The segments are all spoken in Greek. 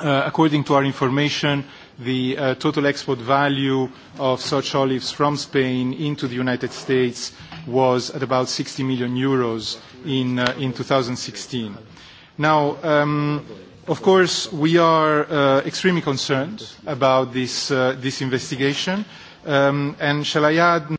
According to our information, the total export value of such olives from Spain into the United States was at about 60 million euros in 2016. Now, of course, we are extremely concerned about this investigation, and shall I add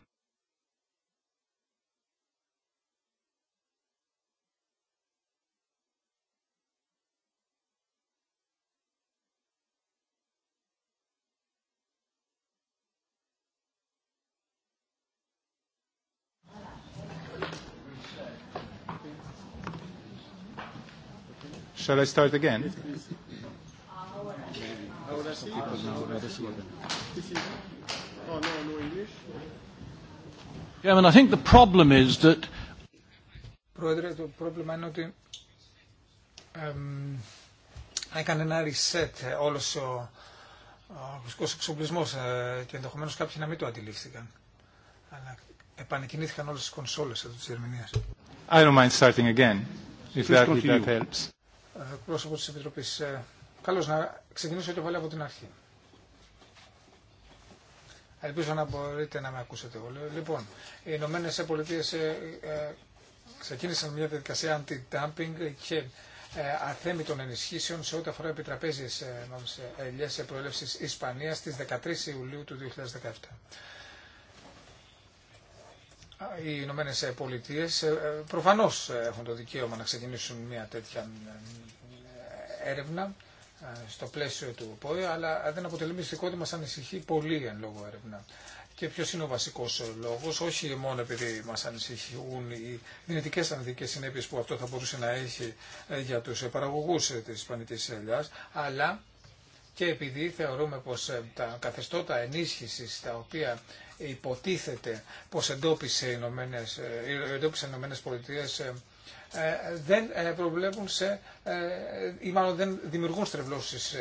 Shall I start again? I think the problem is that... Πρόεδρε, το πρόβλημα είναι ότι εμ, έκανε ένα reset όλο ο, ο εξοπλισμό εξοπλισμός ε, και ενδεχομένω κάποιοι να μην το αντιλήφθηκαν. Αλλά επανεκκινήθηκαν όλε τι κονσόλε εδώ τη Γερμανίας. I don't mind starting again, if that, if that helps πρόσωπο της Επιτροπής. Ε, καλώς να ξεκινήσω και πάλι από την αρχή. Ελπίζω να μπορείτε να με ακούσετε όλοι. Λοιπόν, οι Ηνωμένε Πολιτείε ε, ε, ξεκίνησαν μια διαδικασια αντι anti-dumping και αθέμη των ενισχύσεων σε ό,τι αφορά επιτραπέζιες ελιές προέλευση Ισπανίας στις 13 Ιουλίου του 2017 οι Ηνωμένε Πολιτείε ε, ε, προφανώ έχουν το δικαίωμα να ξεκινήσουν μια τέτοια ε, έρευνα στο πλαίσιο του ΠΟΕ, αλλά δεν αποτελεί μυστικό ότι μα ανησυχεί πολύ εν λόγω έρευνα. Και ποιο είναι ο βασικό λόγο, όχι μόνο επειδή μα ανησυχούν οι δυνητικέ ανδικέ συνέπειε που αυτό θα μπορούσε να έχει για του παραγωγού τη πανητή ελιά, αλλά και επειδή θεωρούμε πω τα καθεστώτα ενίσχυση τα οποία υποτίθεται πως εντόπισε οι Ηνωμένες, ε, Πολιτείες ε, ε, δεν προβλέπουν σε, ή μάλλον δεν δημιουργούν στρεβλώσεις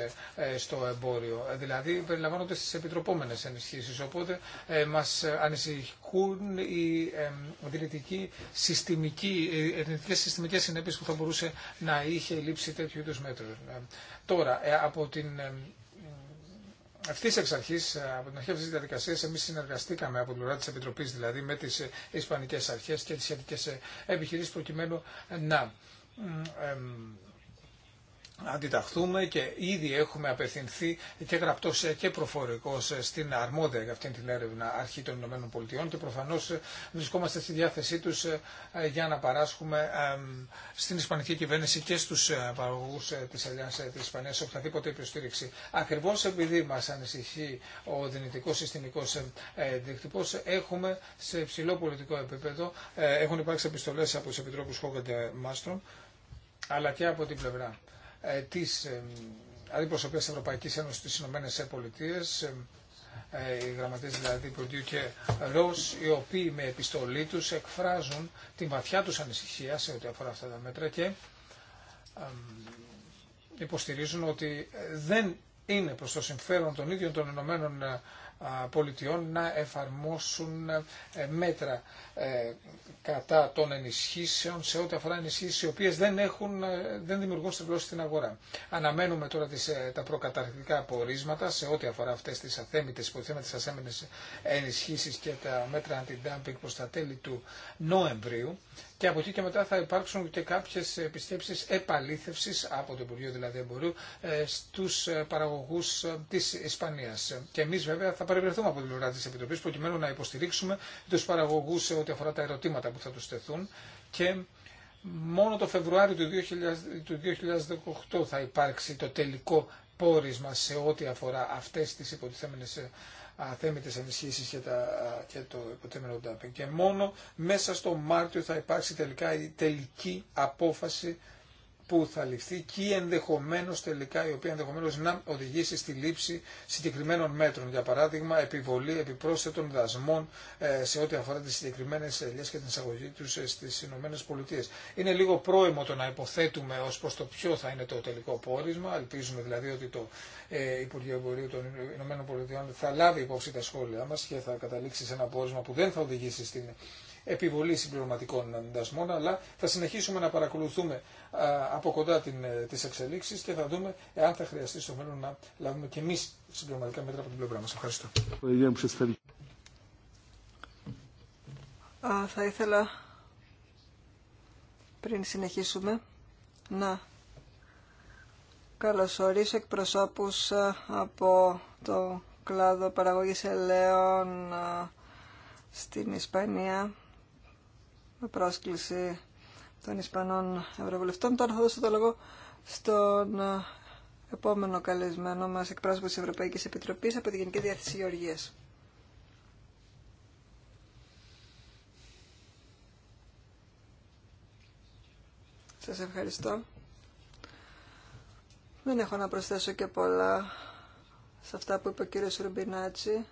στο εμπόριο. Δηλαδή περιλαμβάνονται στις επιτροπόμενες ενισχύσεις. Οπότε μας ανησυχούν οι δυνητικοί συστημικοί, δυνητικές συστημικές συνέπειες που θα μπορούσε να είχε λήψει τέτοιου είδους μέτρων. Τώρα, από την αυτή εξ αρχή, ε, από την αρχή αυτή τη διαδικασία, εμεί συνεργαστήκαμε από την πλευρά τη Επιτροπή, δηλαδή με τι ε, Ισπανικέ Αρχέ και τι σχετικέ ε, επιχειρήσει, προκειμένου να αντιταχθούμε και ήδη έχουμε απευθυνθεί και γραπτό και προφορικό στην αρμόδια για αυτήν την έρευνα αρχή των Ηνωμένων και προφανώ βρισκόμαστε στη διάθεσή του ε, για να παράσχουμε στην Ισπανική κυβέρνηση και στου ε, παραγωγού ε, τη Αλιάς τη Ισπανίας οποιαδήποτε υποστήριξη. Ακριβώ επειδή μα ανησυχεί ο δυνητικό συστημικό διεκτυπώ, έχουμε σε υψηλό πολιτικό επίπεδο έχουν υπάρξει επιστολές από του επιτρόπου Χόγκαντε Μάστρομ αλλά και από την πλευρά ε, της ε, αντιπροσωπείας Ευρωπαϊκή Ένωση στις Ηνωμένες Πολιτείες ε, οι γραμματείς δηλαδή Ποντιού και Ρος, οι οποίοι με επιστολή τους εκφράζουν τη βαθιά τους ανησυχία σε ό,τι αφορά αυτά τα μέτρα και υποστηρίζουν ότι δεν είναι προς το συμφέρον των ίδιων των Ηνωμένων πολιτιών να εφαρμόσουν ε, μέτρα ε, κατά των ενισχύσεων σε ό,τι αφορά ενισχύσεις οι οποίες δεν, έχουν, ε, δεν δημιουργούν στρεβλώσεις στην αγορά. Αναμένουμε τώρα τις, τα προκαταρκτικά απορίσματα σε ό,τι αφορά αυτές τις αθέμητες, υποθέμενες ασέμενες ενισχύσεις και τα μέτρα αντι-dumping προς τα τέλη του Νοεμβρίου και από εκεί και μετά θα υπάρξουν και κάποιε επισκέψει επαλήθευση, από το Υπουργείο δηλαδή Εμπορίου ε, στους ε, παραγωγούς ε, τη Ισπανία. Και εμεί βέβαια θα παρευρεθούμε από την πλευρά τη Επιτροπή προκειμένου να υποστηρίξουμε του παραγωγού σε ό,τι αφορά τα ερωτήματα που θα του τεθούν και μόνο το Φεβρουάριο του 2018 θα υπάρξει το τελικό πόρισμα σε ό,τι αφορά αυτές τις υποτιθέμενες αθέμητες ενισχύσεις και, τα, το υποτίμηνο ντάμπινγκ. Και μόνο μέσα στο Μάρτιο θα υπάρξει τελικά η τελική απόφαση που θα ληφθεί και ενδεχομένω τελικά, η οποία ενδεχομένω να οδηγήσει στη λήψη συγκεκριμένων μέτρων. Για παράδειγμα, επιβολή επιπρόσθετων δασμών ε, σε ό,τι αφορά τι συγκεκριμένε ελιέ και την εισαγωγή του στι ΗΠΑ. Είναι λίγο πρόημο το να υποθέτουμε ω προ το ποιο θα είναι το τελικό πόρισμα. Ελπίζουμε δηλαδή ότι το ε, Υπουργείο Εμπορίου των ΗΠΑ θα λάβει υπόψη τα σχόλια μα και θα καταλήξει σε ένα πόρισμα που δεν θα οδηγήσει στην επιβολή συμπληρωματικών δασμών, αλλά θα συνεχίσουμε να παρακολουθούμε από κοντά ε, τι εξελίξεις και θα δούμε εάν θα χρειαστεί στο μέλλον να λάβουμε και εμεί συμπληρωματικά μέτρα από την πλευρά μα. Ευχαριστώ. Θα ήθελα πριν συνεχίσουμε να καλωσορίσω εκπροσώπους από το κλάδο παραγωγής ελαιών στην Ισπανία με πρόσκληση των Ισπανών Ευρωβουλευτών. Τώρα θα δώσω το λόγο στον ε, επόμενο καλεσμένο μας εκπρόσωπο της Ευρωπαϊκής Επιτροπής από τη Γενική Διάθεση Γεωργίας. Σας ευχαριστώ. Δεν έχω να προσθέσω και πολλά σε αυτά που είπε ο κύριος Ρουμπινάτσι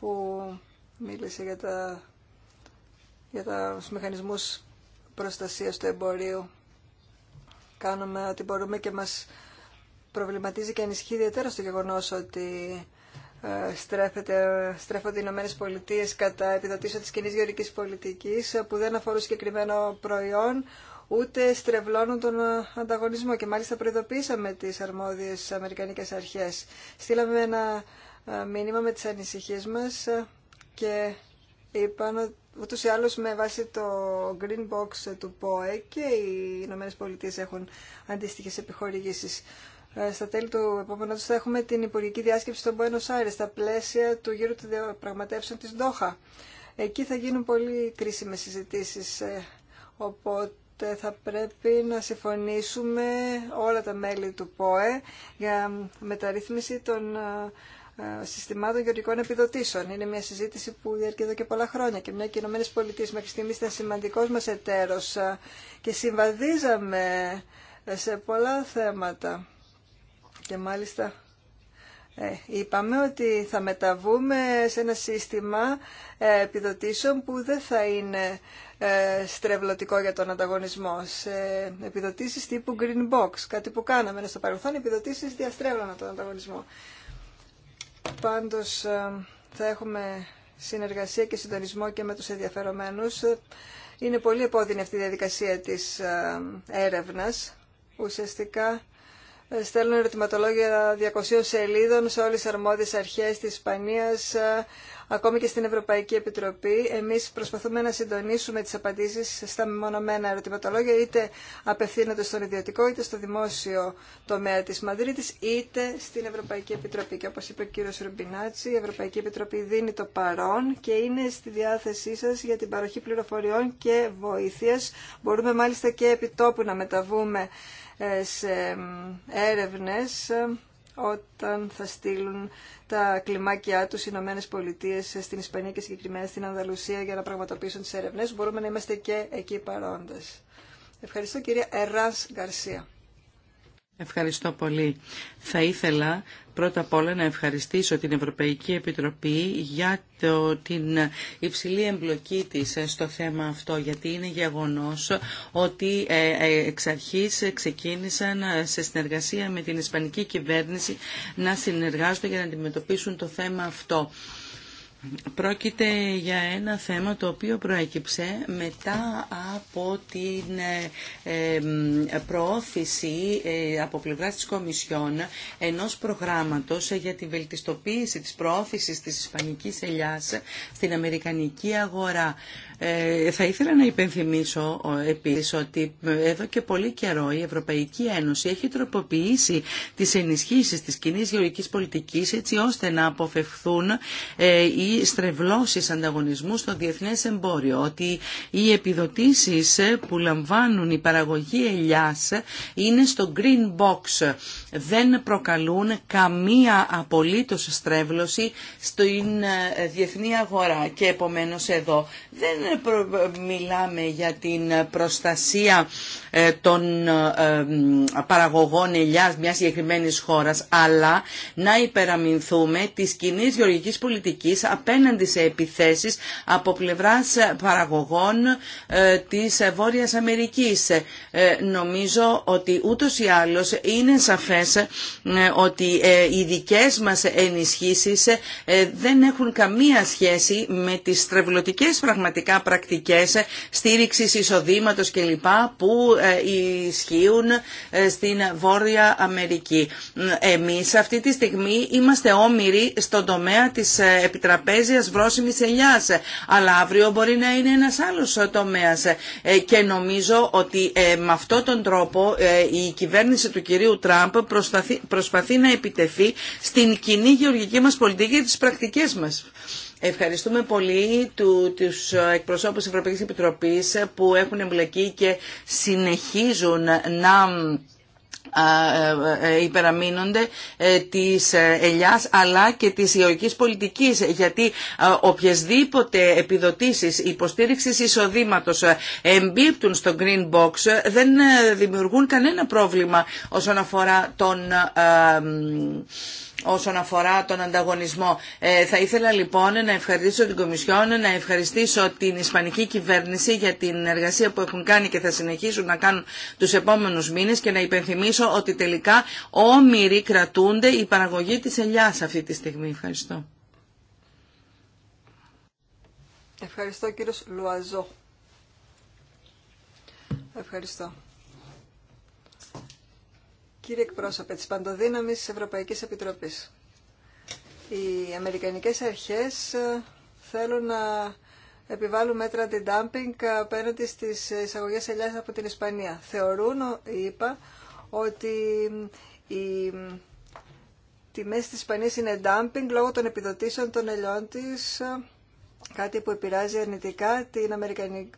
που μίλησε για τα για τους μηχανισμούς προστασίας του εμπορίου. Κάνουμε ό,τι μπορούμε και μας προβληματίζει και ανισχύει ιδιαίτερα στο γεγονός ότι ε, στρέφεται, στρέφονται οι Ηνωμένε Πολιτείε κατά επιδοτήσεων της κοινή γεωρικής πολιτικής ε, που δεν αφορούν συγκεκριμένο προϊόν ούτε στρεβλώνουν τον ε, ανταγωνισμό και μάλιστα προειδοποίησαμε τις αρμόδιες αμερικανικές αρχές. Στείλαμε ένα μήνυμα με τις ανησυχίες μας και είπαν ούτως ή άλλω με βάση το Green Box του ΠΟΕ και οι Ηνωμένε Πολιτείες έχουν αντίστοιχε επιχορηγήσει. Ε, στα τέλη του επόμενου θα έχουμε την Υπουργική Διάσκεψη των Buenos Aires στα πλαίσια του γύρου του διαπραγματεύσεων τη Ντόχα. Εκεί θα γίνουν πολύ κρίσιμες συζητήσει. Ε, οπότε θα πρέπει να συμφωνήσουμε όλα τα μέλη του ΠΟΕ για μεταρρύθμιση των ε, ε, συστημάτων γεωργικών επιδοτήσεων. Είναι μια συζήτηση που διαρκεί εδώ και πολλά χρόνια και μια και οι ΗΠΑ μέχρι στιγμή ήταν σημαντικό μα εταίρο ε, και συμβαδίζαμε ε, σε πολλά θέματα. Και μάλιστα ε, είπαμε ότι θα μεταβούμε σε ένα σύστημα επιδοτήσεων που δεν θα είναι στρεβλωτικό για τον ανταγωνισμό. Σε επιδοτήσεις τύπου green box, κάτι που κάναμε στο παρελθόν, επιδοτήσεις διαστρέβλωναν τον ανταγωνισμό. Πάντως ε, θα έχουμε συνεργασία και συντονισμό και με τους ενδιαφερομένους. Είναι πολύ επώδυνη αυτή η διαδικασία της ε, έρευνας. Ουσιαστικά στέλνουν ερωτηματολόγια 200 σελίδων σε όλες τις αρμόδιες αρχές της Ισπανίας, ε, ακόμη και στην Ευρωπαϊκή Επιτροπή. Εμείς προσπαθούμε να συντονίσουμε τις απαντήσεις στα μεμονωμένα ερωτηματολόγια, είτε απευθύνονται στον ιδιωτικό, είτε στο δημόσιο τομέα της Μαδρίτης, είτε στην Ευρωπαϊκή Επιτροπή. Και όπως είπε ο κύριος Ρουμπινάτσι, η Ευρωπαϊκή Επιτροπή δίνει το παρόν και είναι στη διάθεσή σας για την παροχή πληροφοριών και βοήθειας. Μπορούμε μάλιστα και επιτόπου να μεταβούμε ε, σε έρευνες ε, όταν θα στείλουν τα κλιμάκια τους οι Ηνωμένε Πολιτείε στην Ισπανία και συγκεκριμένα στην Ανδαλουσία για να πραγματοποιήσουν τις έρευνες. Μπορούμε να είμαστε και εκεί παρόντες. Ευχαριστώ κυρία Εράς Γκαρσία. Ευχαριστώ πολύ. Θα ήθελα πρώτα απ' όλα να ευχαριστήσω την Ευρωπαϊκή Επιτροπή για το, την υψηλή εμπλοκή της ε, στο θέμα αυτό, γιατί είναι γεγονός ότι ε, ε, εξ αρχής ξεκίνησαν σε συνεργασία με την Ισπανική κυβέρνηση να συνεργάζονται για να αντιμετωπίσουν το θέμα αυτό. Πρόκειται για ένα θέμα το οποίο προέκυψε μετά από την ε, ε, προώθηση ε, από πλευρά της Κομισιόν ενός προγράμματος για τη βελτιστοποίηση της προώθησης της Ισπανικής ελιάς στην Αμερικανική αγορά. Θα ήθελα να υπενθυμίσω επίσης ότι εδώ και πολύ καιρό η Ευρωπαϊκή Ένωση έχει τροποποιήσει τις ενισχύσεις της κοινή γεωργικής πολιτικής έτσι ώστε να Στρεβλώσει στρεβλώσεις ανταγωνισμού στο διεθνές εμπόριο, ότι οι επιδοτήσεις που λαμβάνουν η παραγωγή ελιάς είναι στο green box, δεν προκαλούν καμία απολύτως στρέβλωση στην ε, διεθνή αγορά και επομένως εδώ δεν μιλάμε για την προστασία ε, των ε, παραγωγών ελιάς μιας συγκεκριμένης χώρας, αλλά να υπεραμεινθούμε της κοινή γεωργικής πολιτικής απέναντι σε επιθέσεις από πλευράς παραγωγών ε, της Βόρειας Αμερικής. Ε, νομίζω ότι ούτως ή άλλως είναι σαφές ε, ότι οι δικές μας ενισχύσεις δεν έχουν καμία σχέση με τις τρευλωτικές πραγματικά πρακτικές στήριξης εισοδήματος κλπ. που ισχύουν στην Βόρεια Αμερική. Εμείς αυτή τη στιγμή είμαστε όμοιροι στον τομέα της επιτραπέζης τραπέζιας βρώσιμης ελιάς. Αλλά αύριο μπορεί να είναι ένας άλλος τομέας. Ε, και νομίζω ότι ε, με αυτόν τον τρόπο ε, η κυβέρνηση του κυρίου Τραμπ προσπαθεί να επιτεθεί στην κοινή γεωργική μας πολιτική και τις πρακτικές μας. Ευχαριστούμε πολύ του, τους εκπροσώπους της Ευρωπαϊκής Επιτροπής που έχουν εμπλεκεί και συνεχίζουν να ε, ε, υπεραμείνονται ε, της ελιάς αλλά και της ιωικής πολιτικής γιατί οποιασδήποτε επιδοτήσεις υποστήριξης εισοδήματος εμπίπτουν στο Green Box δεν δημιουργούν κανένα πρόβλημα όσον αφορά τον όσον αφορά τον ανταγωνισμό. Ε, θα ήθελα λοιπόν να ευχαριστήσω την Κομισιόν, να ευχαριστήσω την Ισπανική κυβέρνηση για την εργασία που έχουν κάνει και θα συνεχίσουν να κάνουν τους επόμενους μήνες και να υπενθυμίσω ότι τελικά όμοιροι κρατούνται η παραγωγή της ελιάς αυτή τη στιγμή. Ευχαριστώ. Ευχαριστώ κύριος Λουαζό. Ευχαριστώ κύριε εκπρόσωπε της παντοδύναμης της Ευρωπαϊκής Επιτροπής. Οι Αμερικανικές αρχές ε, θέλουν να επιβάλλουν μέτρα αντι-dumping απέναντι στις εισαγωγές ελιάς από την Ισπανία. Θεωρούν, είπα, ότι οι τιμές της Ισπανίας είναι dumping λόγω των επιδοτήσεων των ελιών της ε, κάτι που επηρεάζει αρνητικά την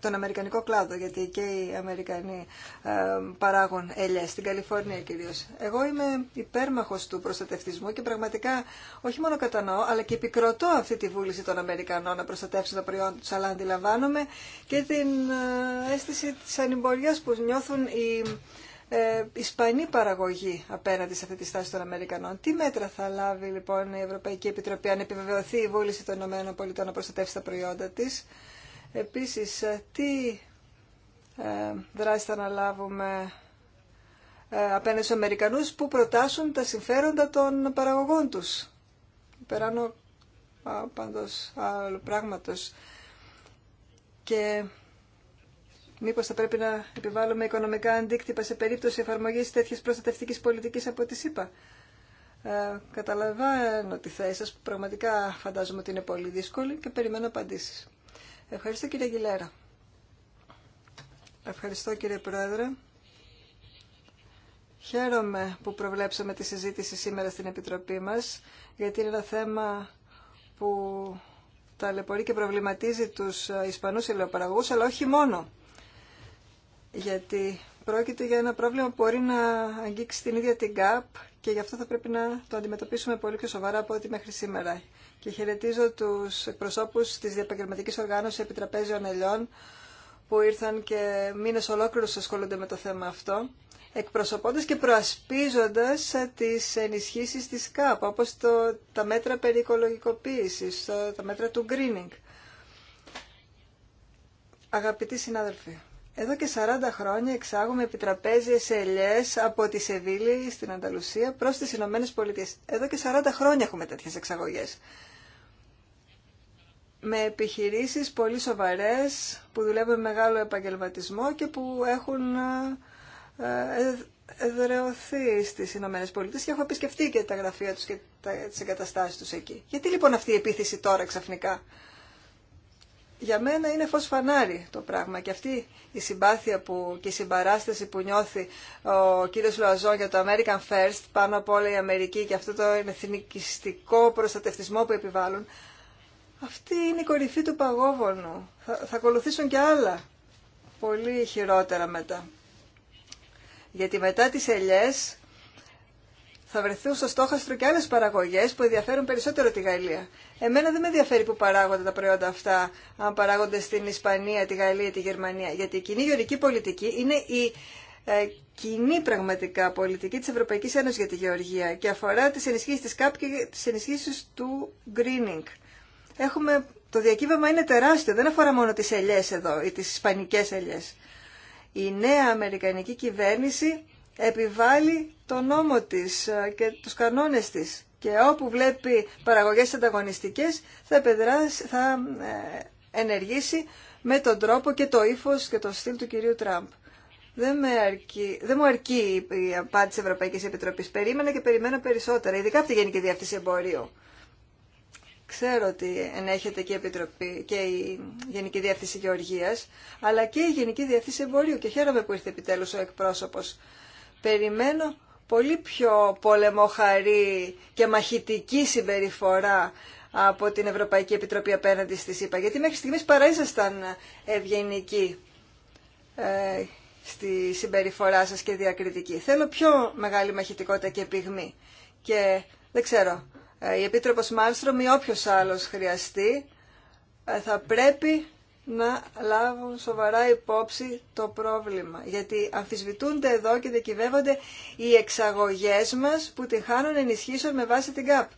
τον Αμερικανικό κλάδο, γιατί και οι Αμερικανοί ε, παράγουν ελιές, στην Καλιφόρνια κυρίως. Εγώ είμαι υπέρμαχος του προστατευτισμού και πραγματικά όχι μόνο κατανοώ, αλλά και επικροτώ αυτή τη βούληση των Αμερικανών να προστατεύσουν τα προϊόντα του, αλλά αντιλαμβάνομαι και την ε, αίσθηση της ανυμπορίας που νιώθουν οι ε, ισπανή παραγωγή απέναντι σε αυτή τη στάση των Αμερικανών. Τι μέτρα θα λάβει λοιπόν η Ευρωπαϊκή Επιτροπή αν επιβεβαιωθεί η βούληση των ΗΠΑ να προστατεύσει τα προϊόντα της. Επίσης, ε, τι ε, δράση θα αναλάβουμε ε, απέναντι στου Αμερικανούς που προτάσουν τα συμφέροντα των παραγωγών τους. Περάνω πάντω άλλου πράγματο. Και Μήπως θα πρέπει να επιβάλλουμε οικονομικά αντίκτυπα σε περίπτωση εφαρμογής τέτοιες προστατευτικής πολιτικής από τη ΣΥΠΑ. Ε, καταλαβαίνω τη θέση σας που πραγματικά φαντάζομαι ότι είναι πολύ δύσκολη και περιμένω απαντήσεις. Ευχαριστώ κύριε Αγγιλέρα. Ευχαριστώ κύριε Πρόεδρε. Χαίρομαι που προβλέψαμε τη συζήτηση σήμερα στην Επιτροπή μας, γιατί είναι ένα θέμα που ταλαιπωρεί και προβληματίζει τους Ισπανούς ελαιοπαραγωγούς, αλλά όχι μόνο γιατί πρόκειται για ένα πρόβλημα που μπορεί να αγγίξει την ίδια την ΚΑΠ και γι' αυτό θα πρέπει να το αντιμετωπίσουμε πολύ πιο σοβαρά από ό,τι μέχρι σήμερα. Και χαιρετίζω τους εκπροσώπους της Διαπαγγελματικής Οργάνωση Επιτραπέζιων Ελιών που ήρθαν και μήνες ολόκληρους ασχολούνται με το θέμα αυτό εκπροσωπώντας και προασπίζοντας τις ενισχύσεις της ΚΑΠ, όπως τα μέτρα περί οικολογικοποίησης, τα μέτρα του greening. Αγαπητοί συνάδελφοι, εδώ και 40 χρόνια εξάγουμε επιτραπέζιες ελιέ από τη Σεβίλη στην Ανταλουσία προς τις Ηνωμένε Πολιτείε. Εδώ και 40 χρόνια έχουμε τέτοιες εξαγωγέ. Με επιχειρήσει πολύ σοβαρέ που δουλεύουν με μεγάλο επαγγελματισμό και που έχουν ε, ε, εδρεωθεί στις Ηνωμένε Πολιτείε και έχω επισκεφτεί και τα γραφεία του και τι εγκαταστάσει του εκεί. Γιατί λοιπόν αυτή η επίθεση τώρα ξαφνικά για μένα είναι φως φανάρι το πράγμα και αυτή η συμπάθεια που, και η συμπαράσταση που νιώθει ο κύριος Λουαζόν για το American First πάνω από όλα η Αμερική και αυτό το εθνικιστικό προστατευτισμό που επιβάλλουν αυτή είναι η κορυφή του παγόβονου. Θα, θα ακολουθήσουν και άλλα πολύ χειρότερα μετά. Γιατί μετά τις ελιές θα βρεθούν στο στόχαστρο και άλλες παραγωγές που ενδιαφέρουν περισσότερο τη Γαλλία. Εμένα δεν με ενδιαφέρει που παράγονται τα προϊόντα αυτά, αν παράγονται στην Ισπανία, τη Γαλλία, τη Γερμανία, γιατί η κοινή γεωρική πολιτική είναι η ε, κοινή πραγματικά πολιτική της Ευρωπαϊκής Ένωσης για τη Γεωργία και αφορά τις ενισχύσεις της ΚΑΠ και τις ενισχύσεις του greening. Έχουμε, το διακύβευμα είναι τεράστιο, δεν αφορά μόνο τις ελιές εδώ ή τις ισπανικές ελιές. Η νέα Αμερικανική κυβέρνηση επιβάλλει το νόμο της ε, και τους κανόνες της και όπου βλέπει παραγωγές ανταγωνιστικές θα, θα ε, ενεργήσει με τον τρόπο και το ύφος και το στυλ του κυρίου Τραμπ. Δεν, με αρκεί, δεν μου αρκεί η απάντηση της Ευρωπαϊκής Επιτροπής. Περίμενα και περιμένω περισσότερα, ειδικά από τη Γενική Διεύθυνση Εμπορίου. Ξέρω ότι ενέχεται και η, Επιτροπή, και η Γενική Διεύθυνση Γεωργίας, αλλά και η Γενική Διεύθυνση Εμπορίου. Και χαίρομαι που ήρθε επιτέλους ο εκπρόσωπος περιμένω πολύ πιο πολεμοχαρή και μαχητική συμπεριφορά από την Ευρωπαϊκή Επιτροπή απέναντι στη ΣΥΠΑ. Γιατί μέχρι στιγμής παραίσασταν ευγενική ε, στη συμπεριφορά σας και διακριτική. Θέλω πιο μεγάλη μαχητικότητα και πυγμή. Και δεν ξέρω, ε, η Επίτροπος Μάλστρομ ή όποιος άλλος χρειαστεί ε, θα πρέπει να λάβουν σοβαρά υπόψη το πρόβλημα. Γιατί αμφισβητούνται εδώ και δικηβεύονται οι εξαγωγές μας που την χάνουν ενισχύσεων με βάση την ΚΑΠ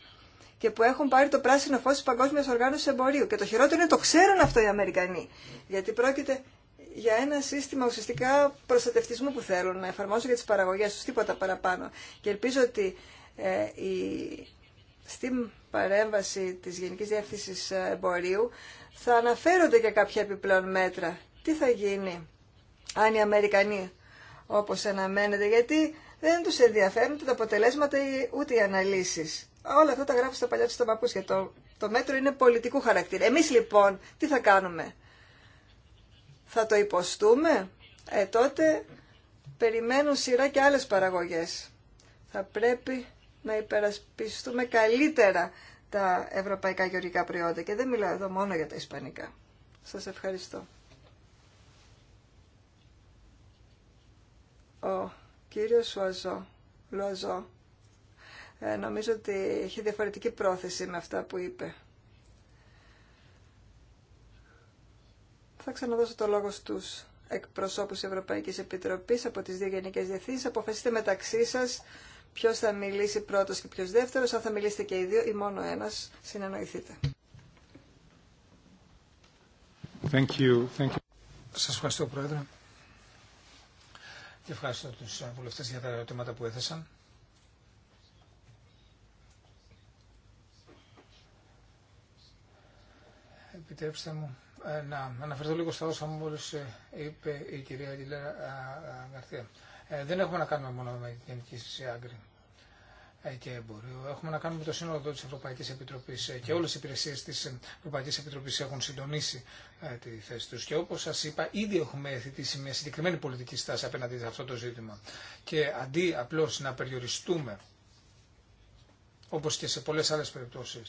και που έχουν πάρει το πράσινο φως της Παγκόσμιας Οργάνωσης Εμπορίου. Και το χειρότερο είναι το ξέρουν αυτό οι Αμερικανοί. Γιατί πρόκειται για ένα σύστημα ουσιαστικά προστατευτισμού που θέλουν να εφαρμόσουν για τις παραγωγές τους, τίποτα παραπάνω. Και ελπίζω ότι ε, η, στην παρέμβαση της Γενικής Διεύθυνσης Εμπορίου θα αναφέρονται και κάποια επιπλέον μέτρα. Τι θα γίνει αν οι Αμερικανοί όπως αναμένεται, γιατί δεν τους ενδιαφέρουν τα αποτελέσματα ούτε οι αναλύσεις. Όλα αυτά τα γράφω στα παλιά του στα παπούσια. Το, το μέτρο είναι πολιτικού χαρακτήρα. Εμείς λοιπόν τι θα κάνουμε. Θα το υποστούμε. Ε, τότε περιμένουν σειρά και άλλες παραγωγές. Θα πρέπει να υπερασπιστούμε καλύτερα τα ευρωπαϊκά γεωργικά προϊόντα και δεν μιλάω εδώ μόνο για τα ισπανικά. Σας ευχαριστώ. Ο κύριος Λοζό, ε, νομίζω ότι έχει διαφορετική πρόθεση με αυτά που είπε. Θα ξαναδώσω το λόγο στους εκπροσώπους Ευρωπαϊκής Επιτροπής από τις δύο Γενικές Διευθύνσεις. Αποφασίστε μεταξύ σας Ποιο θα μιλήσει πρώτος και ποιος δεύτερος, αν θα μιλήσετε και οι δύο ή μόνο ένας, συνεννοηθείτε. Thank you. Thank you. Σας ευχαριστώ Πρόεδρε και ευχαριστώ τους βουλευτές για τα ερωτήματα που έθεσαν. Επιτρέψτε μου ε, να αναφερθώ λίγο στα όσα μόλις ε, είπε η κυρία Αγγιλέρα ε, Γκαρθία. Δεν έχουμε να κάνουμε μόνο με την ενίκηση άγκρη και εμπορίου. Έχουμε να κάνουμε με το σύνολο τη Ευρωπαϊκή Επιτροπή και όλε οι υπηρεσίε τη Ευρωπαϊκή Επιτροπή έχουν συντονίσει τη θέση του. Και όπω σα είπα, ήδη έχουμε θετήσει μια συγκεκριμένη πολιτική στάση απέναντι σε αυτό το ζήτημα. Και αντί απλώ να περιοριστούμε, όπω και σε πολλέ άλλε περιπτώσει,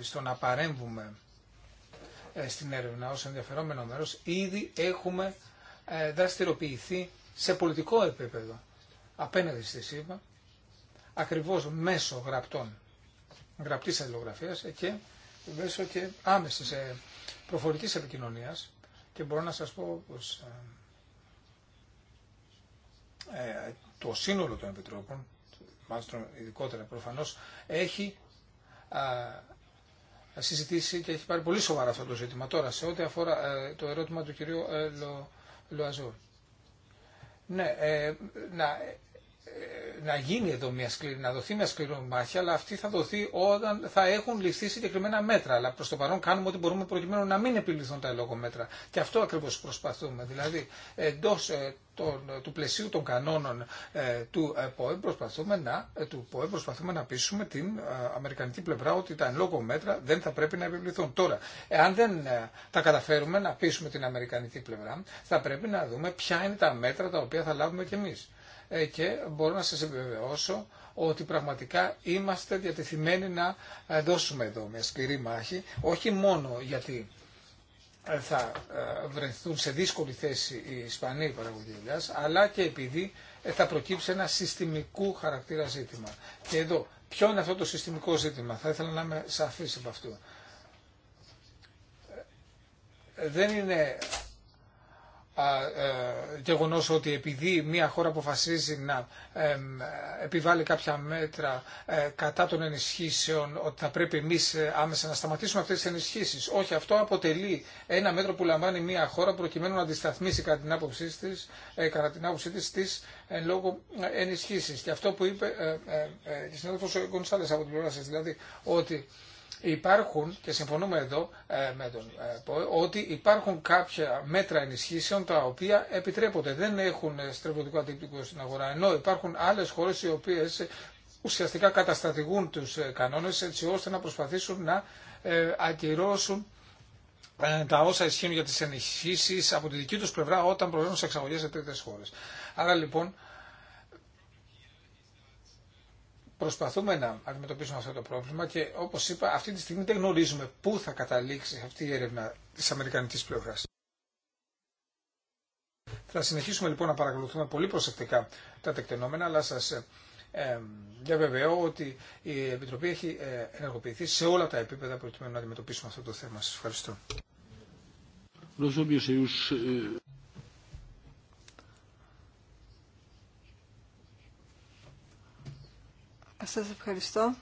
στο να παρέμβουμε ε, στην έρευνα ως ενδιαφερόμενο μέρος, ήδη έχουμε ε, δραστηριοποιηθεί σε πολιτικό επίπεδο απέναντι στη ΣΥΠΑ, ακριβώς μέσω γραπτών, γραπτής αλληλογραφίας και μέσω και άμεσης ε, προφορικής επικοινωνίας και μπορώ να σας πω πως το σύνολο των επιτρόπων, μάλιστα ειδικότερα προφανώς, έχει συζητήσει και έχει πάρει πολύ σοβαρά αυτό το ζήτημα. Τώρα, σε ό,τι αφορά ε, το ερώτημα του κυρίου ε, Λο, Ναι, ε, να να γίνει εδώ μια σκληρή, να δοθεί μια μάχη, αλλά αυτή θα δοθεί όταν θα έχουν ληφθεί συγκεκριμένα μέτρα. Αλλά προ το παρόν κάνουμε ό,τι μπορούμε προκειμένου να μην επιληθούν τα λόγω μέτρα. Και αυτό ακριβώ προσπαθούμε. Δηλαδή, εντό ε, του πλαισίου των κανόνων ε, ε, του ΠΟΕ προσπαθούμε, να, προσπαθούμε να πείσουμε την αμερικανική πλευρά ότι τα εν μέτρα δεν θα πρέπει να επιβληθούν. Τώρα, αν δεν τα καταφέρουμε να πείσουμε την αμερικανική πλευρά, θα πρέπει να δούμε ποια είναι τα μέτρα τα οποία θα λάβουμε κι εμεί. Ε, και μπορώ να σας επιβεβαιώσω ότι πραγματικά είμαστε διατεθειμένοι να ε, δώσουμε εδώ μια σκληρή μάχη, όχι μόνο γιατί ε, θα βρεθούν σε δύσκολη θέση οι Ισπανοί παραγωγοί αλλά και επειδή θα προκύψει ένα συστημικού χαρακτήρα ζήτημα. Και εδώ, ποιο είναι αυτό το συστημικό ζήτημα, θα ήθελα να είμαι σαφής από αυτό. Δεν είναι ε, γεγονός ότι επειδή μια χώρα αποφασίζει να επιβάλλει κάποια μέτρα ε, κατά των ενισχύσεων ότι θα πρέπει εμείς ε, άμεσα να σταματήσουμε αυτές τις ενισχύσεις. Όχι, αυτό αποτελεί ένα μέτρο που λαμβάνει μια χώρα προκειμένου να αντισταθμίσει κατά την άποψή της, κατά εν λόγω ενισχύσεις. Και αυτό που είπε η συνάδελφος Γκονσάλες από την πλευρά δηλαδή ότι υπάρχουν, και συμφωνούμε εδώ ε, με τον ΠΟΕ, ότι υπάρχουν κάποια μέτρα ενισχύσεων τα οποία επιτρέπονται. Δεν έχουν στρεβλωτικό αντίκτυπο στην αγορά. Ενώ υπάρχουν άλλες χώρες οι οποίες ουσιαστικά καταστατηγούν τους ε, κανόνες έτσι ώστε να προσπαθήσουν να ε, ακυρώσουν τα όσα ισχύουν για τις ενισχύσεις από τη δική τους πλευρά όταν προέρχονται σε εξαγωγές σε τρίτες χώρες. Άρα λοιπόν προσπαθούμε να αντιμετωπίσουμε αυτό το πρόβλημα και όπως είπα αυτή τη στιγμή δεν γνωρίζουμε πού θα καταλήξει αυτή η έρευνα τη αμερικανική πλευρά. Θα συνεχίσουμε λοιπόν να παρακολουθούμε πολύ προσεκτικά τα τεκτενόμενα, αλλά σας ε, διαβεβαιώ ότι η Επιτροπή έχει ε, ενεργοποιηθεί σε όλα τα επίπεδα προκειμένου να αντιμετωπίσουμε αυτό το θέμα. Σα ευχαριστώ. E, Σας ευχαριστώ.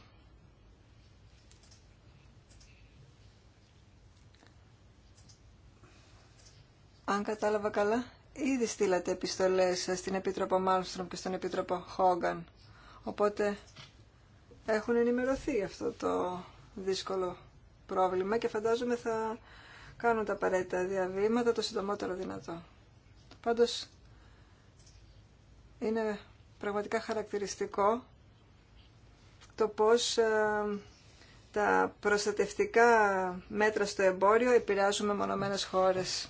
Αν κατάλαβα καλά, ήδη στείλατε επιστολές στην Επίτροπο Μάλμστρομ και στον Επίτροπο Χόγκαν. Οπότε έχουν ενημερωθεί αυτό το δύσκολο πρόβλημα και φαντάζομαι θα κάνουν τα απαραίτητα διαβήματα το συντομότερο δυνατό. Πάντως είναι πραγματικά χαρακτηριστικό το πώς ε, τα προστατευτικά μέτρα στο εμπόριο επηρεάζουν μονομένες χώρες.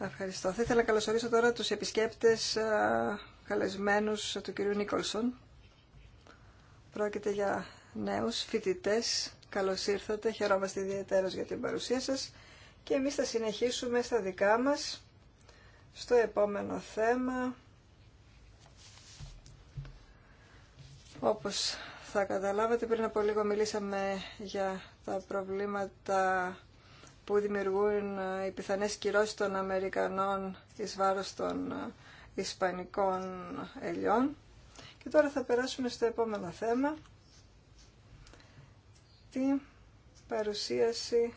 Ευχαριστώ. Θα ήθελα να καλωσορίσω τώρα τους επισκέπτες ε, καλεσμένους του κυρίου Νίκολσον. Πρόκειται για νέους φοιτητές. Καλώς ήρθατε. Χαιρόμαστε ιδιαίτερα για την παρουσία σας. Και εμείς θα συνεχίσουμε στα δικά μας, στο επόμενο θέμα. Όπως θα καταλάβατε πριν από λίγο μιλήσαμε για τα προβλήματα που δημιουργούν οι πιθανές κυρώσεις των Αμερικανών εις βάρος των ε, Ισπανικών ελιών. Και τώρα θα περάσουμε στο επόμενο θέμα, την παρουσίαση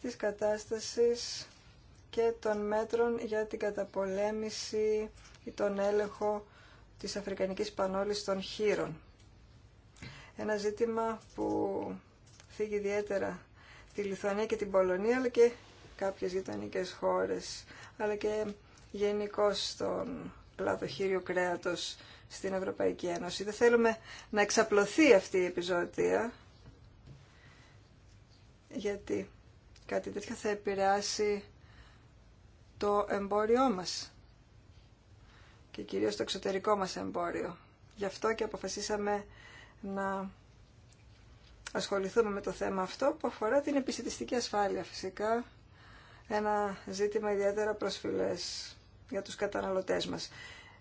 της κατάστασης και των μέτρων για την καταπολέμηση ή τον έλεγχο της Αφρικανικής Πανόλης των Χείρων. Ένα ζήτημα που θίγει ιδιαίτερα τη Λιθουανία και την Πολωνία, αλλά και κάποιες γειτονικέ χώρες, αλλά και γενικώ στον κλάδο χείριου κρέατος στην Ευρωπαϊκή Ένωση. Δεν θέλουμε να εξαπλωθεί αυτή η επιζώτια, γιατί κάτι τέτοιο θα επηρεάσει το εμπόριό μας και κυρίως το εξωτερικό μας εμπόριο. Γι' αυτό και αποφασίσαμε να ασχοληθούμε με το θέμα αυτό που αφορά την επιστημιστική ασφάλεια φυσικά, ένα ζήτημα ιδιαίτερα προσφυλές για τους καταναλωτές μας.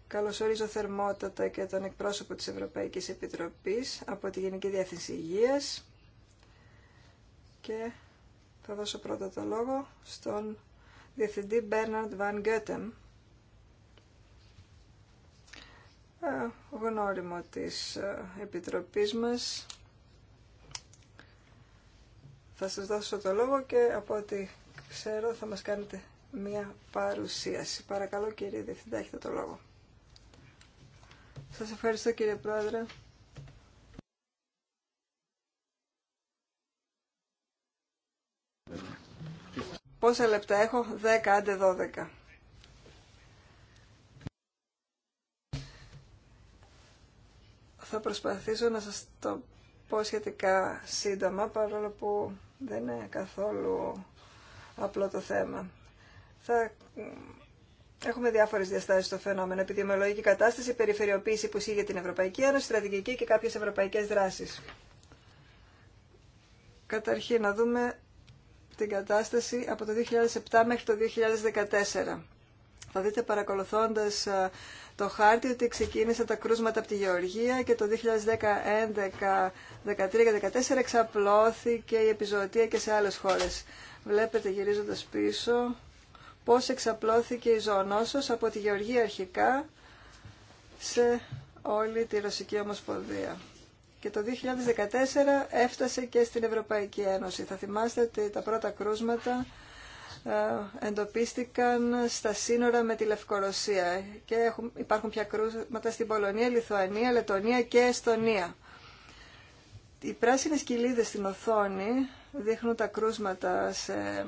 Καλωσορίζω θερμότατα και τον εκπρόσωπο της Ευρωπαϊκής Επιτροπής από τη Γενική Διεύθυνση Υγείας και θα δώσω πρώτα το λόγο στον Διευθυντή Bernard Van γνώριμο της ε, Επιτροπής μας. Θα σας δώσω το λόγο και από ό,τι ξέρω θα μας κάνετε μια παρουσίαση. Παρακαλώ κύριε Διευθυντά, έχετε το λόγο. Σας ευχαριστώ κύριε Πρόεδρε. Πόσα λεπτά έχω, 10 άντε 12. Θα προσπαθήσω να σας το πω σχετικά σύντομα, παρόλο που δεν είναι καθόλου απλό το θέμα. Θα... Έχουμε διάφορε διαστάσει στο φαινόμενο. Επιδημιολογική κατάσταση, περιφερειοποίηση που σύγχυε την Ευρωπαϊκή Ένωση, στρατηγική και κάποιε ευρωπαϊκέ δράσει. Καταρχήν, να δούμε την κατάσταση από το 2007 μέχρι το 2014. Θα δείτε παρακολουθώντας ε, το χάρτη ότι ξεκίνησαν τα κρούσματα από τη Γεωργία και το 2011, 2013 και 2014 εξαπλώθηκε η επιζωτία και σε άλλες χώρες. Βλέπετε γυρίζοντας πίσω πώς εξαπλώθηκε η ζωονόσος από τη Γεωργία αρχικά σε όλη τη Ρωσική Ομοσπονδία. Και το 2014 έφτασε και στην Ευρωπαϊκή Ένωση. Θα θυμάστε ότι τα πρώτα κρούσματα ε, εντοπίστηκαν στα σύνορα με τη Λευκορωσία και υπάρχουν πια κρούσματα στην Πολωνία, Λιθουανία, Λετωνία και Εστονία. Οι πράσινες κοιλίδες στην οθόνη δείχνουν τα κρούσματα σε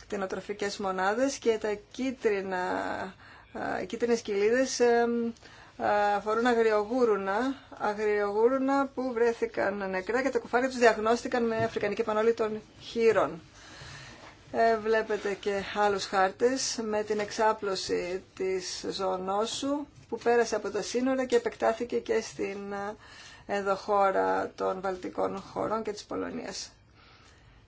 κτηνοτροφικές μονάδες και τα κίτρινα, ε, οι κίτρινες κοιλίδες ε, αφορούν αγριογούρουνα, αγριογούρουνα που βρέθηκαν νεκρά και τα κουφάρια τους διαγνώστηκαν με αφρικανική πανόλη των χείρων. Ε, βλέπετε και άλλους χάρτες με την εξάπλωση της ζωονόσου που πέρασε από τα σύνορα και επεκτάθηκε και στην ενδοχώρα των Βαλτικών χωρών και της Πολωνίας.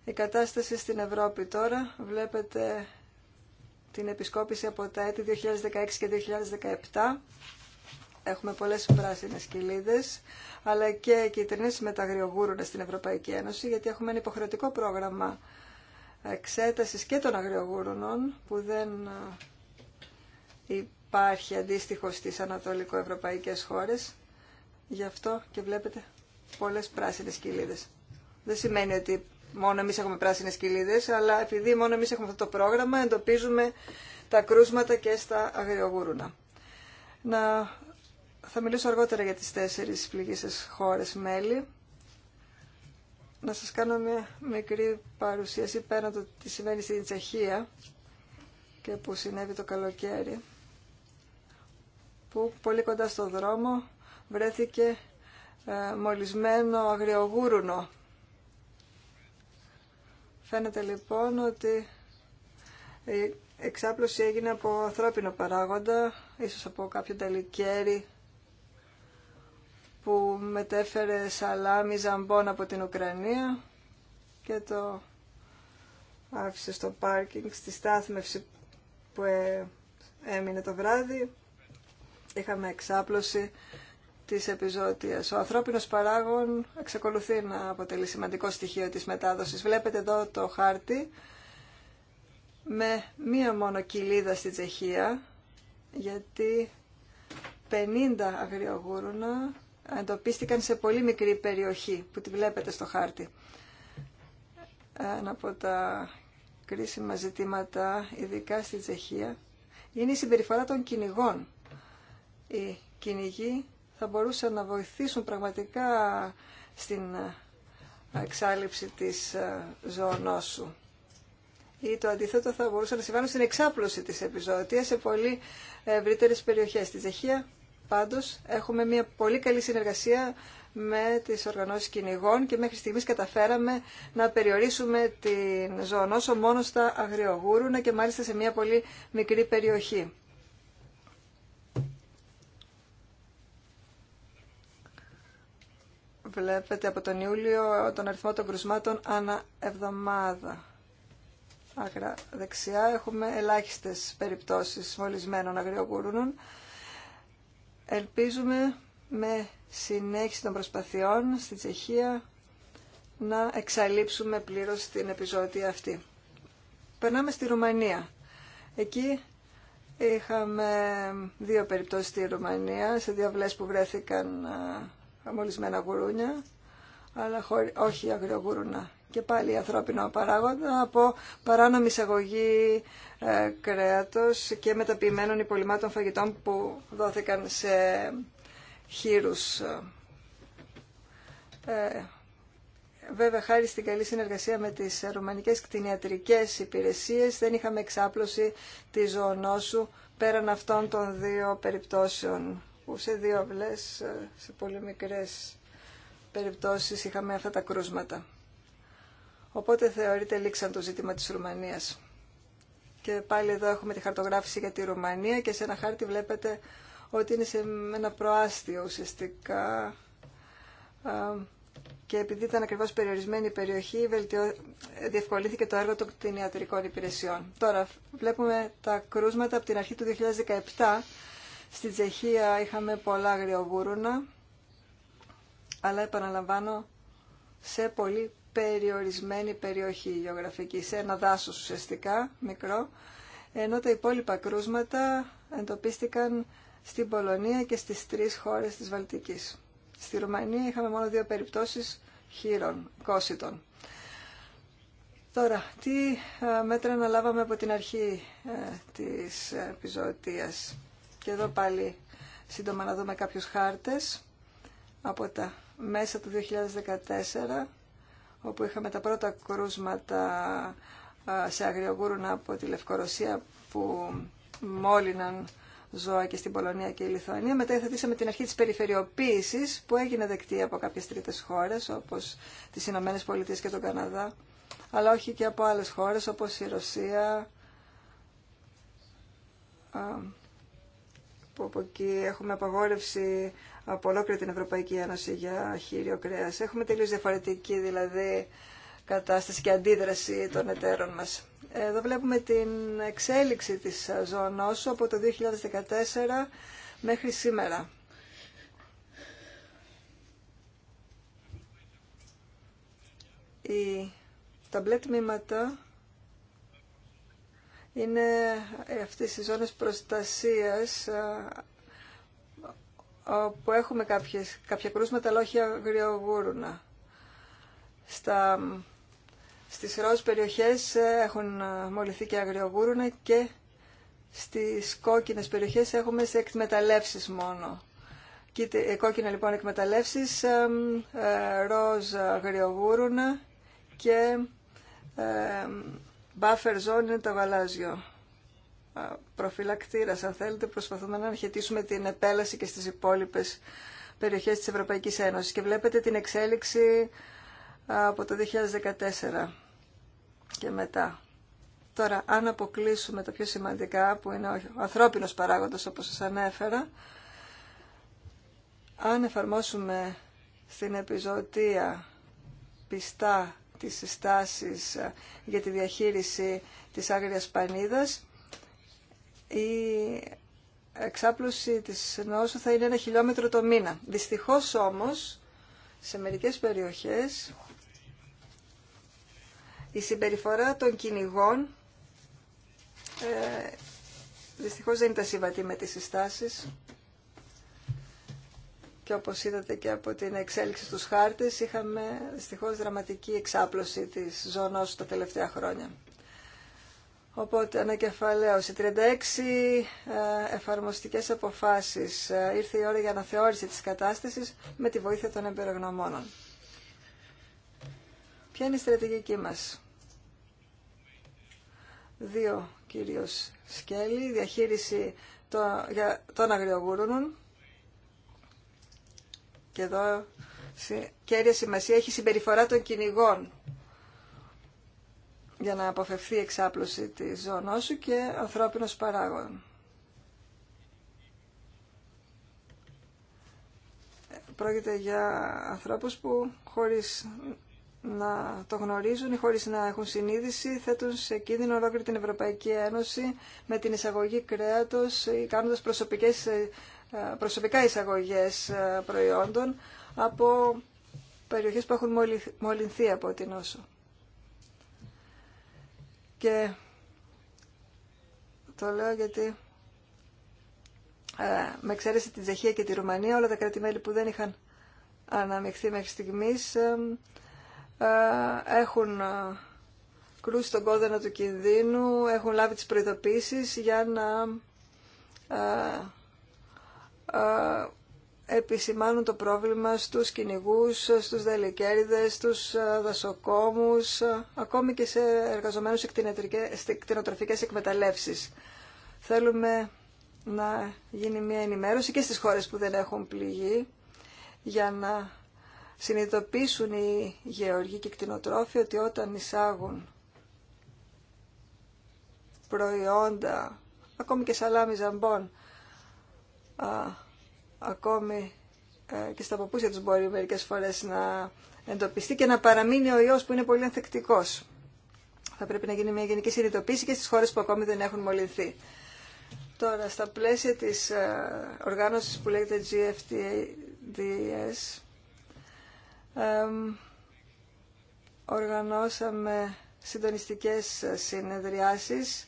Η κατάσταση στην Ευρώπη τώρα βλέπετε την επισκόπηση από τα έτη 2016 και 2017. Έχουμε πολλές πράσινες κοιλίδες, αλλά και κυτρινές μεταγριογούρουνες στην Ευρωπαϊκή Ένωση, γιατί έχουμε ένα υποχρεωτικό πρόγραμμα εξέτασης και των αγριογούρων που δεν ε, υπάρχει αντίστοιχο στις ανατολικοευρωπαϊκές χώρες. Γι' αυτό και βλέπετε πολλές πράσινες κοιλίδες. Δεν σημαίνει ότι μόνο εμείς έχουμε πράσινες κοιλίδες, αλλά επειδή μόνο εμείς έχουμε αυτό το πρόγραμμα, εντοπίζουμε τα κρούσματα και στα αγριογούρουνα. Να... Θα μιλήσω αργότερα για τις τέσσερις πληγήσεις χώρες μέλη να σας κάνω μια μικρή παρουσίαση πέραν το τι συμβαίνει στην Τσεχία και που συνέβη το καλοκαίρι που πολύ κοντά στο δρόμο βρέθηκε ε, μολυσμένο αγριογούρουνο. Φαίνεται λοιπόν ότι η εξάπλωση έγινε από ανθρώπινο παράγοντα, ίσως από κάποιο τελικέρι που μετέφερε σαλάμι ζαμπόν από την Ουκρανία και το άφησε στο πάρκινγκ, στη στάθμευση που ε, έμεινε το βράδυ. Είχαμε εξάπλωση της επιζώτιας. Ο ανθρώπινος παράγων εξακολουθεί να αποτελεί σημαντικό στοιχείο της μετάδοσης. Βλέπετε εδώ το χάρτη με μία μόνο κοιλίδα στη Τσεχία, γιατί 50 αγριογούρουνα εντοπίστηκαν σε πολύ μικρή περιοχή που τη βλέπετε στο χάρτη. Ένα από τα κρίσιμα ζητήματα, ειδικά στη Τσεχία, είναι η συμπεριφορά των κυνηγών. Οι κυνηγοί θα μπορούσαν να βοηθήσουν πραγματικά στην εξάλληψη της ε, ζωονόσου. Ή το αντίθετο θα μπορούσαν να συμβάνουν στην εξάπλωση της επιζώτιας σε πολύ ευρύτερες περιοχές. Στη Τσεχία Πάντως έχουμε μια πολύ καλή συνεργασία με τις οργανώσεις κυνηγών και μέχρι στιγμής καταφέραμε να περιορίσουμε την ζωονόσο μόνο στα αγριογούρουνα και μάλιστα σε μια πολύ μικρή περιοχή. Βλέπετε από τον Ιούλιο τον αριθμό των κρουσμάτων ανά εβδομάδα. Άκρα δεξιά έχουμε ελάχιστες περιπτώσεις μολυσμένων αγριογουρούνων ελπίζουμε με συνέχιση των προσπαθειών στην Τσεχία να εξαλείψουμε πλήρως την επιζώτια αυτή. Περνάμε στη Ρουμανία. Εκεί είχαμε δύο περιπτώσεις στη Ρουμανία, σε δύο βλές που βρέθηκαν αμολισμένα ε, γουρούνια, αλλά όχι αγριογούρουνα και πάλι ανθρώπινο παράγοντα από παράνομη εισαγωγή ε, κρέατος και μεταποιημένων υπολοιμάτων φαγητών που δόθηκαν σε χείρους. Ε, βέβαια, χάρη στην καλή συνεργασία με τις ρουμανικές κτηνιατρικές υπηρεσίες, δεν είχαμε εξάπλωση τη ζωονόσου πέραν αυτών των δύο περιπτώσεων, που σε δύο αυλές, ε, σε πολύ μικρές περιπτώσεις είχαμε αυτά τα κρούσματα. Οπότε θεωρείται λήξαν το ζήτημα της Ρουμανίας. Και πάλι εδώ έχουμε τη χαρτογράφηση για τη Ρουμανία και σε ένα χάρτη βλέπετε ότι είναι σε ένα προάστιο ουσιαστικά και επειδή ήταν ακριβώς περιορισμένη η περιοχή, διευκολύθηκε το έργο των κτηνιατρικών υπηρεσιών. Τώρα βλέπουμε τα κρούσματα από την αρχή του 2017. Στη Τσεχία είχαμε πολλά αγριογούρουνα, αλλά επαναλαμβάνω σε πολύ περιορισμένη περιοχή γεωγραφική, σε ένα δάσο ουσιαστικά, μικρό, ενώ τα υπόλοιπα κρούσματα εντοπίστηκαν στην Πολωνία και στις τρεις χώρες της Βαλτικής. Στη Ρουμανία είχαμε μόνο δύο περιπτώσεις χείρων, κόσιτων. Τώρα, τι ε, μέτρα αναλάβαμε από την αρχή ε, της επιζωτίας. Και εδώ πάλι σύντομα να δούμε κάποιους χάρτες από τα μέσα του 2014 όπου είχαμε τα πρώτα κρούσματα σε αγριογούρουνα από τη Λευκορωσία που μόλυναν ζώα και στην Πολωνία και η Λιθουανία. Μετά υιοθετήσαμε την αρχή της περιφερειοποίησης που έγινε δεκτή από κάποιες τρίτες χώρες όπως τις Ηνωμένες Πολιτείες και τον Καναδά αλλά όχι και από άλλες χώρες όπως η Ρωσία που από εκεί έχουμε απαγόρευση από ολόκληρη την Ευρωπαϊκή Ένωση για χείριο κρέα. Έχουμε τελείω διαφορετική δηλαδή κατάσταση και αντίδραση των εταίρων μα. Εδώ βλέπουμε την εξέλιξη της ζωονόσου από το 2014 μέχρι σήμερα. Τα μπλε τμήματα είναι ε, αυτές οι ζώνες προστασίας ε, ε, που έχουμε κάποιες, κάποια κρούσματα, αλλά όχι αγριογούρουνα. Στα, στις ροζ περιοχές έχουν μολυθεί και αγριογούρουνα και στις κόκκινες περιοχές έχουμε σε εκμεταλλεύσεις μόνο. κόκκινα λοιπόν εκμεταλλεύσεις, ροζ αγριογούρουνα και Buffer zone είναι το γαλάζιο. Προφυλακτήρα, αν θέλετε, προσπαθούμε να αρχιετήσουμε την επέλαση και στις υπόλοιπες περιοχές της Ευρωπαϊκής Ένωσης. Και βλέπετε την εξέλιξη από το 2014 και μετά. Τώρα, αν αποκλείσουμε τα πιο σημαντικά, που είναι ο ανθρώπινος παράγοντας, όπως σας ανέφερα, αν εφαρμόσουμε στην επιζωτία πιστά τις συστάσεις ε, για τη διαχείριση της άγριας πανίδας. Η εξάπλωση της νόσου θα είναι ένα χιλιόμετρο το μήνα. Δυστυχώς όμως, σε μερικές περιοχές, η συμπεριφορά των κυνηγών ε, δυστυχώς δεν ήταν συμβατή με τις συστάσεις και όπως είδατε και από την εξέλιξη στους χάρτες είχαμε δυστυχώς δραματική εξάπλωση της ζωνός τα τελευταία χρόνια. Οπότε ανακεφαλαίωση. 36 ε, εφαρμοστικές αποφάσεις. Ε, ήρθε η ώρα για αναθεώρηση της κατάστασης με τη βοήθεια των εμπειρογνωμόνων. Ποια είναι η στρατηγική μας. Δύο κυρίως σκέλη. Διαχείριση των, για, και εδώ κέρια σημασία έχει συμπεριφορά των κυνηγών για να αποφευθεί η εξάπλωση της σου και ανθρώπινος παράγων. Πρόκειται για ανθρώπους που χωρίς να το γνωρίζουν ή χωρίς να έχουν συνείδηση θέτουν σε κίνδυνο ολόκληρη την Ευρωπαϊκή Ένωση με την εισαγωγή κρέατος ή κάνοντας προσωπικές ε, ε, προσωπικά εισαγωγές ε, προϊόντων από περιοχές που έχουν μολυνθεί από την όσο. Και το λέω γιατί ε, με εξαίρεση την Τσεχία και τη Ρουμανία όλα τα κράτη-μέλη που δεν είχαν αναμειχθεί μέχρι στιγμής έχουν κρούσει τον κόδωνα του κινδύνου, έχουν λάβει τις προειδοποίησεις για να επισημάνουν το πρόβλημα στους κυνηγούς, στους δελικέριδες, στους δασοκόμους, ακόμη και σε εργαζομένους σε κτηνοτροφικές εκμεταλλεύσεις. Θέλουμε να γίνει μια ενημέρωση και στις χώρες που δεν έχουν πληγή για να συνειδητοποιήσουν οι γεωργοί και οι κτηνοτρόφοι ότι όταν εισάγουν προϊόντα, ακόμη και σαλάμι ζαμπών, ακόμη ε, και στα παπούσια τους μπορεί μερικές φορές να εντοπιστεί και να παραμείνει ο ιός που είναι πολύ ανθεκτικός. Θα πρέπει να γίνει μια γενική συνειδητοποίηση και στις χώρες που ακόμη δεν έχουν μολυνθεί. Τώρα, στα πλαίσια της α, ε, οργάνωσης που λέγεται GFTDS, οργανώσαμε συντονιστικές συνεδριάσεις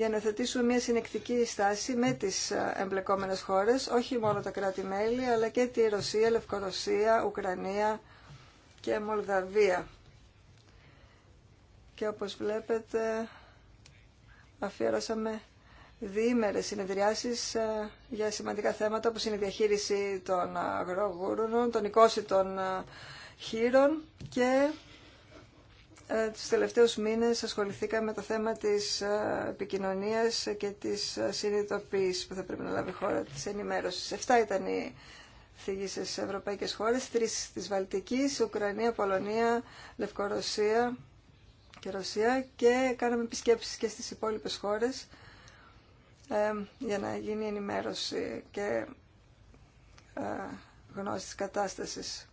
για να θετήσουμε μια συνεκτική στάση με τις ε, εμπλεκόμενες χώρες, όχι μόνο τα κράτη-μέλη, αλλά και τη Ρωσία, Λευκορωσία, Ουκρανία και Μολδαβία. Και όπως βλέπετε αφιέρωσαμε διήμερε συνεδριάσεις ε, για σημαντικά θέματα όπως είναι η διαχείριση των ε, αγρογούρων, των οικόσιτων χείρων και ε, τους τελευταίους μήνες ασχοληθήκαμε με το θέμα της ε, επικοινωνίας και της ε, συνειδητοποίησης που θα πρέπει να λάβει η χώρα της ενημέρωσης. Εφτά ήταν οι θυγήσεις σε ευρωπαϊκές χώρες, τρεις της Βαλτικής, Ουκρανία, Πολωνία, Λευκορωσία και Ρωσία και κάναμε επισκέψεις και στις υπόλοιπες χώρες για να γίνει ενημέρωση και γνώση της κατάστασης.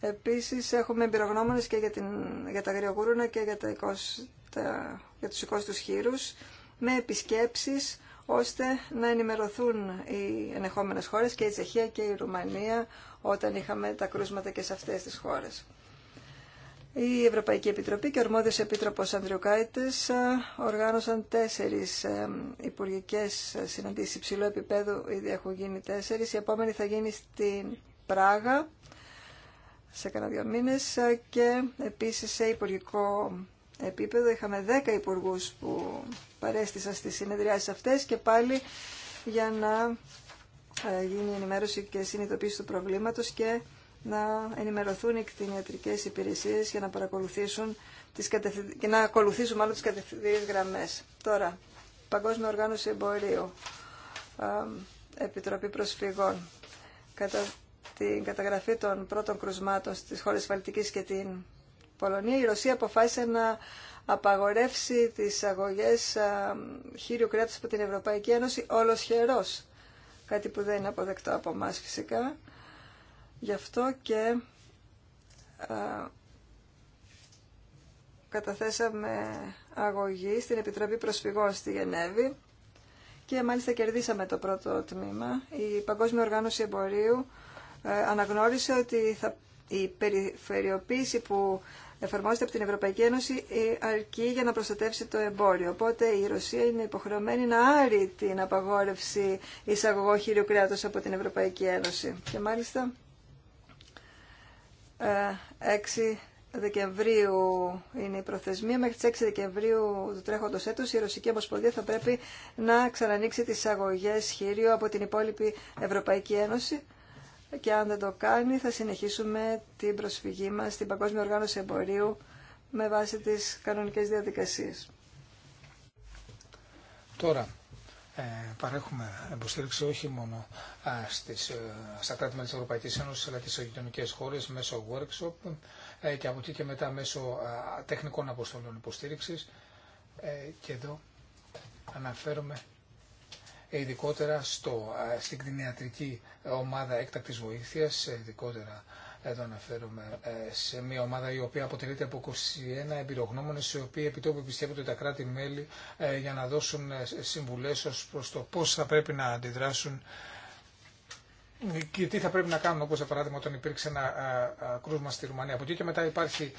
Επίσης έχουμε εμπειρογνώμονες και για, την, για τα αγριογούρουνα και για, τα, 20, τα τους με επισκέψεις ώστε να ενημερωθούν οι ενεχόμενες χώρες και η Τσεχία και η Ρουμανία όταν είχαμε τα κρούσματα και σε αυτές τις χώρες. Η Ευρωπαϊκή Επιτροπή και ο Ορμόδιος Επίτροπος Ανδριοκάητες ε, οργάνωσαν τέσσερις ε, υπουργικές συναντήσεις υψηλού επίπεδου, ήδη έχουν γίνει τέσσερις. Η επόμενη θα γίνει στην Πράγα σε κανένα δύο μήνες και επίσης σε υπουργικό επίπεδο είχαμε 10 υπουργούς που παρέστησαν στις συνεδριάσεις αυτές και πάλι για να ε, γίνει ενημέρωση και συνειδητοποίηση του προβλήματος και να ενημερωθούν οι κτηνιατρικές υπηρεσίες για να παρακολουθήσουν τις και να ακολουθήσουν μάλλον τις κατευθυντήριες γραμμές. Τώρα, Παγκόσμιο Οργάνωση Εμπορίου, ε, Επιτροπή Προσφυγών. Κατά την καταγραφή των πρώτων κρουσμάτων στις χώρες Βαλτικής και την Πολωνία, η Ρωσία αποφάσισε να απαγορεύσει τις αγωγές χείριου κράτους από την Ευρωπαϊκή Ένωση όλος χερός. Κάτι που δεν είναι αποδεκτό από εμά φυσικά. Γι' αυτό και καταθέσαμε αγωγή στην Επιτροπή Προσφυγών στη Γενέβη και μάλιστα κερδίσαμε το πρώτο τμήμα. Η Παγκόσμια Οργάνωση Εμπορίου ε, αναγνώρισε ότι θα, η περιφερειοποίηση που εφαρμόζεται από την Ευρωπαϊκή Ένωση ε, αρκεί για να προστατεύσει το εμπόριο. Οπότε η Ρωσία είναι υποχρεωμένη να άρει την απαγόρευση εισαγωγό χείριου κρέατος από την Ευρωπαϊκή Ένωση. Και μάλιστα 6 ε, Δεκεμβρίου είναι η προθεσμία. Μέχρι τις 6 Δεκεμβρίου του τρέχοντος έτους η Ρωσική Ομοσπονδία θα πρέπει να ξανανοίξει τις αγωγές χείριου από την υπόλοιπη Ευρωπαϊκή Ένωση και αν δεν το κάνει θα συνεχίσουμε την προσφυγή μας στην Παγκόσμια Οργάνωση Εμπορίου με βάση τις κανονικές διαδικασίες. Τώρα, ε, παρέχουμε υποστήριξη όχι μόνο α, ε, στις, ε, στα κράτη της Ευρωπαϊκής Ένωσης αλλά και στις γειτονικές χώρες μέσω workshop ε, και από εκεί και μετά μέσω τεχνικών αποστολών υποστήριξης και εδώ αναφέρομαι ε, ειδικότερα στο, στην κτηνιατρική ομάδα έκτακτης βοήθειας, ε, ειδικότερα εδώ αναφέρομαι ε, σε μια ομάδα η οποία αποτελείται από 21 εμπειρογνώμονε, οι οποίοι επιτόπου πιστεύουν τα κράτη-μέλη για να δώσουν συμβουλέ ω προ το πώ θα πρέπει να αντιδράσουν και τι θα πρέπει να κάνουν, όπω για παράδειγμα όταν υπήρξε ένα κρούσμα στη Ρουμανία. Από εκεί και μετά υπάρχει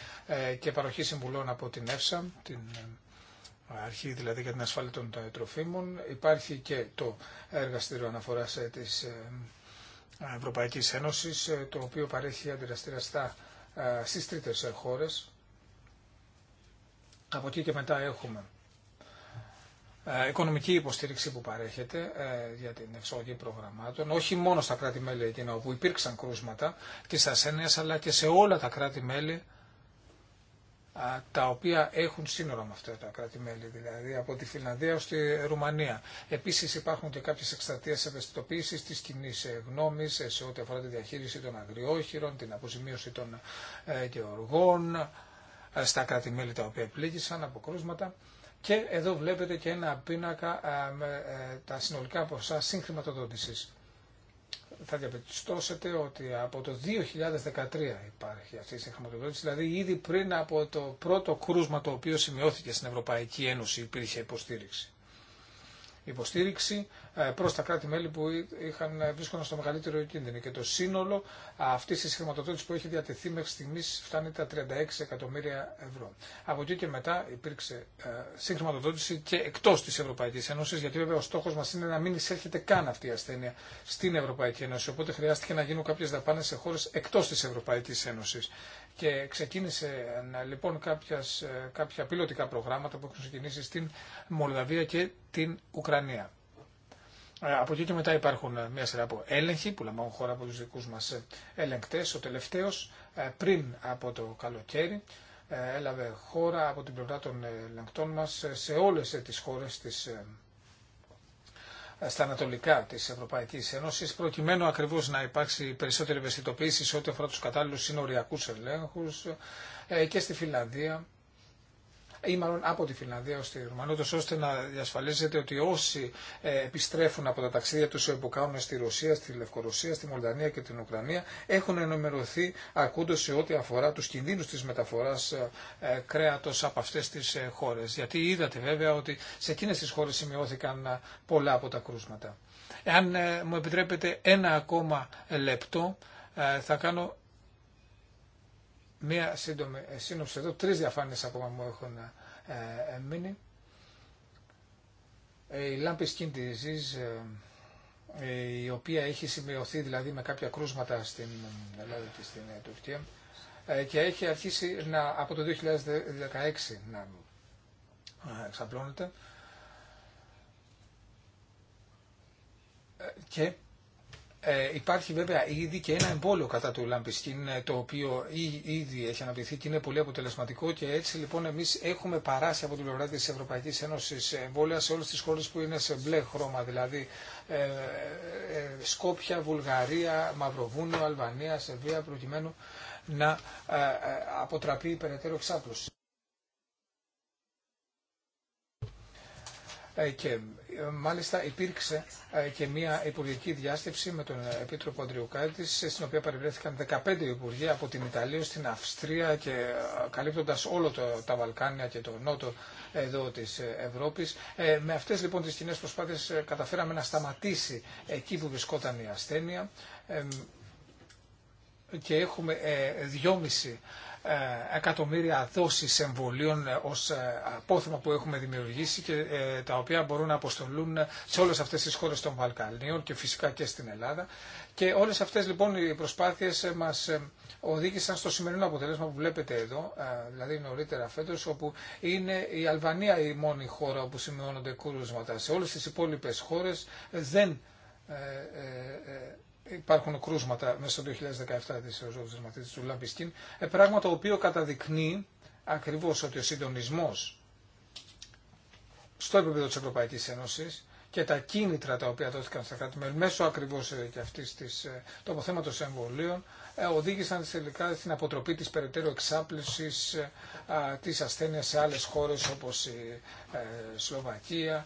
και παροχή συμβουλών από την ΕΦΣΑ, την αρχή δηλαδή για την ασφάλεια των ε, τροφίμων. Υπάρχει και το εργαστήριο αναφοράς ε, της ε, Ευρωπαϊκής Ένωσης, το οποίο παρέχει αντιδραστήρα στα, στις χώρε. χώρες. Από εκεί και μετά έχουμε οικονομική υποστήριξη που παρέχεται για την εξαγωγή προγραμμάτων, όχι μόνο στα κράτη-μέλη εκείνα όπου υπήρξαν κρούσματα της ασθένειας, αλλά και σε όλα τα κράτη-μέλη τα οποία έχουν σύνορα με αυτά τα κράτη-μέλη, δηλαδή από τη Φιλανδία ως τη Ρουμανία. Επίσης υπάρχουν και κάποιες εκστρατείες ευαισθητοποίησης της κοινή γνώμης σε ό,τι αφορά τη διαχείριση των αγριόχειρων, την αποζημίωση των ε, γεωργών, ε, στα κράτη-μέλη τα οποία πλήγησαν από κρούσματα. Και εδώ βλέπετε και ένα πίνακα ε, με τα συνολικά ποσά συγχρηματοδότησης θα διαπιστώσετε ότι από το 2013 υπάρχει αυτή η συγχρηματοδότηση, δηλαδή ήδη πριν από το πρώτο κρούσμα το οποίο σημειώθηκε στην Ευρωπαϊκή Ένωση υπήρχε υποστήριξη υποστήριξη ε, προς τα κράτη-μέλη που είχαν, ε, βρίσκονταν στο μεγαλύτερο κίνδυνο. Και το σύνολο αυτή τη χρηματοδότηση που έχει διατεθεί μέχρι στιγμή φτάνει τα 36 εκατομμύρια ευρώ. Από εκεί και μετά υπήρξε ε, συγχρηματοδότηση και εκτό τη Ευρωπαϊκή Ένωση, γιατί βέβαια ο στόχο μα είναι να μην εισέρχεται καν αυτή η ασθένεια στην Ευρωπαϊκή Ένωση. Οπότε χρειάστηκε να γίνουν κάποιε δαπάνε σε χώρε εκτό τη Ευρωπαϊκή Ένωση και ξεκίνησε λοιπόν κάποιας, ε, κάποια πιλωτικά προγράμματα που έχουν ξεκινήσει στην Μολδαβία και την Ουκρανία. Ε, από εκεί και μετά υπάρχουν ε, μια σειρά από έλεγχοι που λαμβάνουν χώρα από τους δικούς μας ελεγκτές. Ο τελευταίος πριν από το καλοκαίρι έλαβε χώρα από την πλευρά των ελεγκτών μας σε όλες τις χώρες της στα ανατολικά της Ευρωπαϊκής Ένωσης, προκειμένου ακριβώς να υπάρξει περισσότερη ευαισθητοποίηση σε ό,τι αφορά τους κατάλληλους συνοριακούς ελέγχους ε, και στη Φιλανδία ή μάλλον από τη Φιλανδία ως τη Ρουμανία, ώστε να διασφαλίζεται ότι όσοι ε, επιστρέφουν από τα ταξίδια τους ε, που κάνουν στη Ρωσία, στη Λευκορωσία, στη Μολδανία και την Ουκρανία έχουν ενημερωθεί αρκούντως σε ό,τι αφορά τους κινδύνους της μεταφοράς ε, κρέατος από αυτές τις χώρες. Γιατί είδατε βέβαια ότι σε εκείνες τις χώρες σημειώθηκαν πολλά από τα κρούσματα. Εάν μου επιτρέπετε ένα ακόμα λεπτό θα κάνω μία σύντομη ε, σύνοψη εδώ, τρεις διαφάνειες ακόμα μου έχουν ε, ε μείνει. Ε, η λάμπη skin disease, η οποία έχει σημειωθεί δηλαδή με κάποια κρούσματα στην Ελλάδα και στην Τουρκία και έχει αρχίσει να, από το 2016 να εξαπλώνεται και ε, υπάρχει βέβαια ήδη και ένα εμπόλιο κατά του λαμπισκίν ε, το οποίο ήδη έχει αναπτυχθεί και είναι πολύ αποτελεσματικό και έτσι λοιπόν εμείς έχουμε παράσει από την πλευρά της Ευρωπαϊκής Ένωσης εμβόλια σε όλες τις χώρες που είναι σε μπλε χρώμα δηλαδή ε, Σκόπια, Βουλγαρία, Μαυροβούνιο, Αλβανία, Σερβία προκειμένου να αποτραπεί η περαιτέρω εξάπλωση. και μάλιστα υπήρξε ε, και μια υπουργική διάσκεψη με τον ε, Επίτροπο Αντριουκάτη, στην οποία παρευρέθηκαν 15 υπουργοί από την Ιταλία στην Αυστρία και ε, καλύπτοντα όλο το, τα Βαλκάνια και το νότο εδώ τη Ευρώπη. Με αυτέ λοιπόν τι κοινέ προσπάθειε καταφέραμε να σταματήσει εκεί που βρισκόταν η ασθένεια και έχουμε δυόμιση ε, εκατομμύρια δόσεις εμβολίων ε, ως ε, απόθυμα που έχουμε δημιουργήσει και τα οποία μπορούν να αποστολούν σε όλες αυτές τις χώρες των Βαλκανίων και φυσικά και στην Ελλάδα. Και όλες αυτές λοιπόν οι προσπάθειες μας οδήγησαν στο σημερινό αποτέλεσμα που βλέπετε εδώ, δηλαδή νωρίτερα φέτος, όπου είναι η Αλβανία η μόνη χώρα όπου σημειώνονται κρούσματα. Σε όλες τις υπόλοιπες χώρες δεν υπάρχουν κρούσματα μέσα στο 2017 της οριζόντου δερματίτης του Λαμπισκίν, ε, πράγμα το οποίο καταδεικνύει ακριβώς ότι ο συντονισμός στο επίπεδο της Ευρωπαϊκής Ένωσης και τα κίνητρα τα οποία δόθηκαν στα κράτη-μέλη μέσω ακριβώ ε, και αυτή τη ε, τοποθέματο εμβολίων οδήγησαν τελικά στην αποτροπή τη περαιτέρω εξάπλωση τη ασθένεια σε άλλε χώρε όπω η Σλοβακία,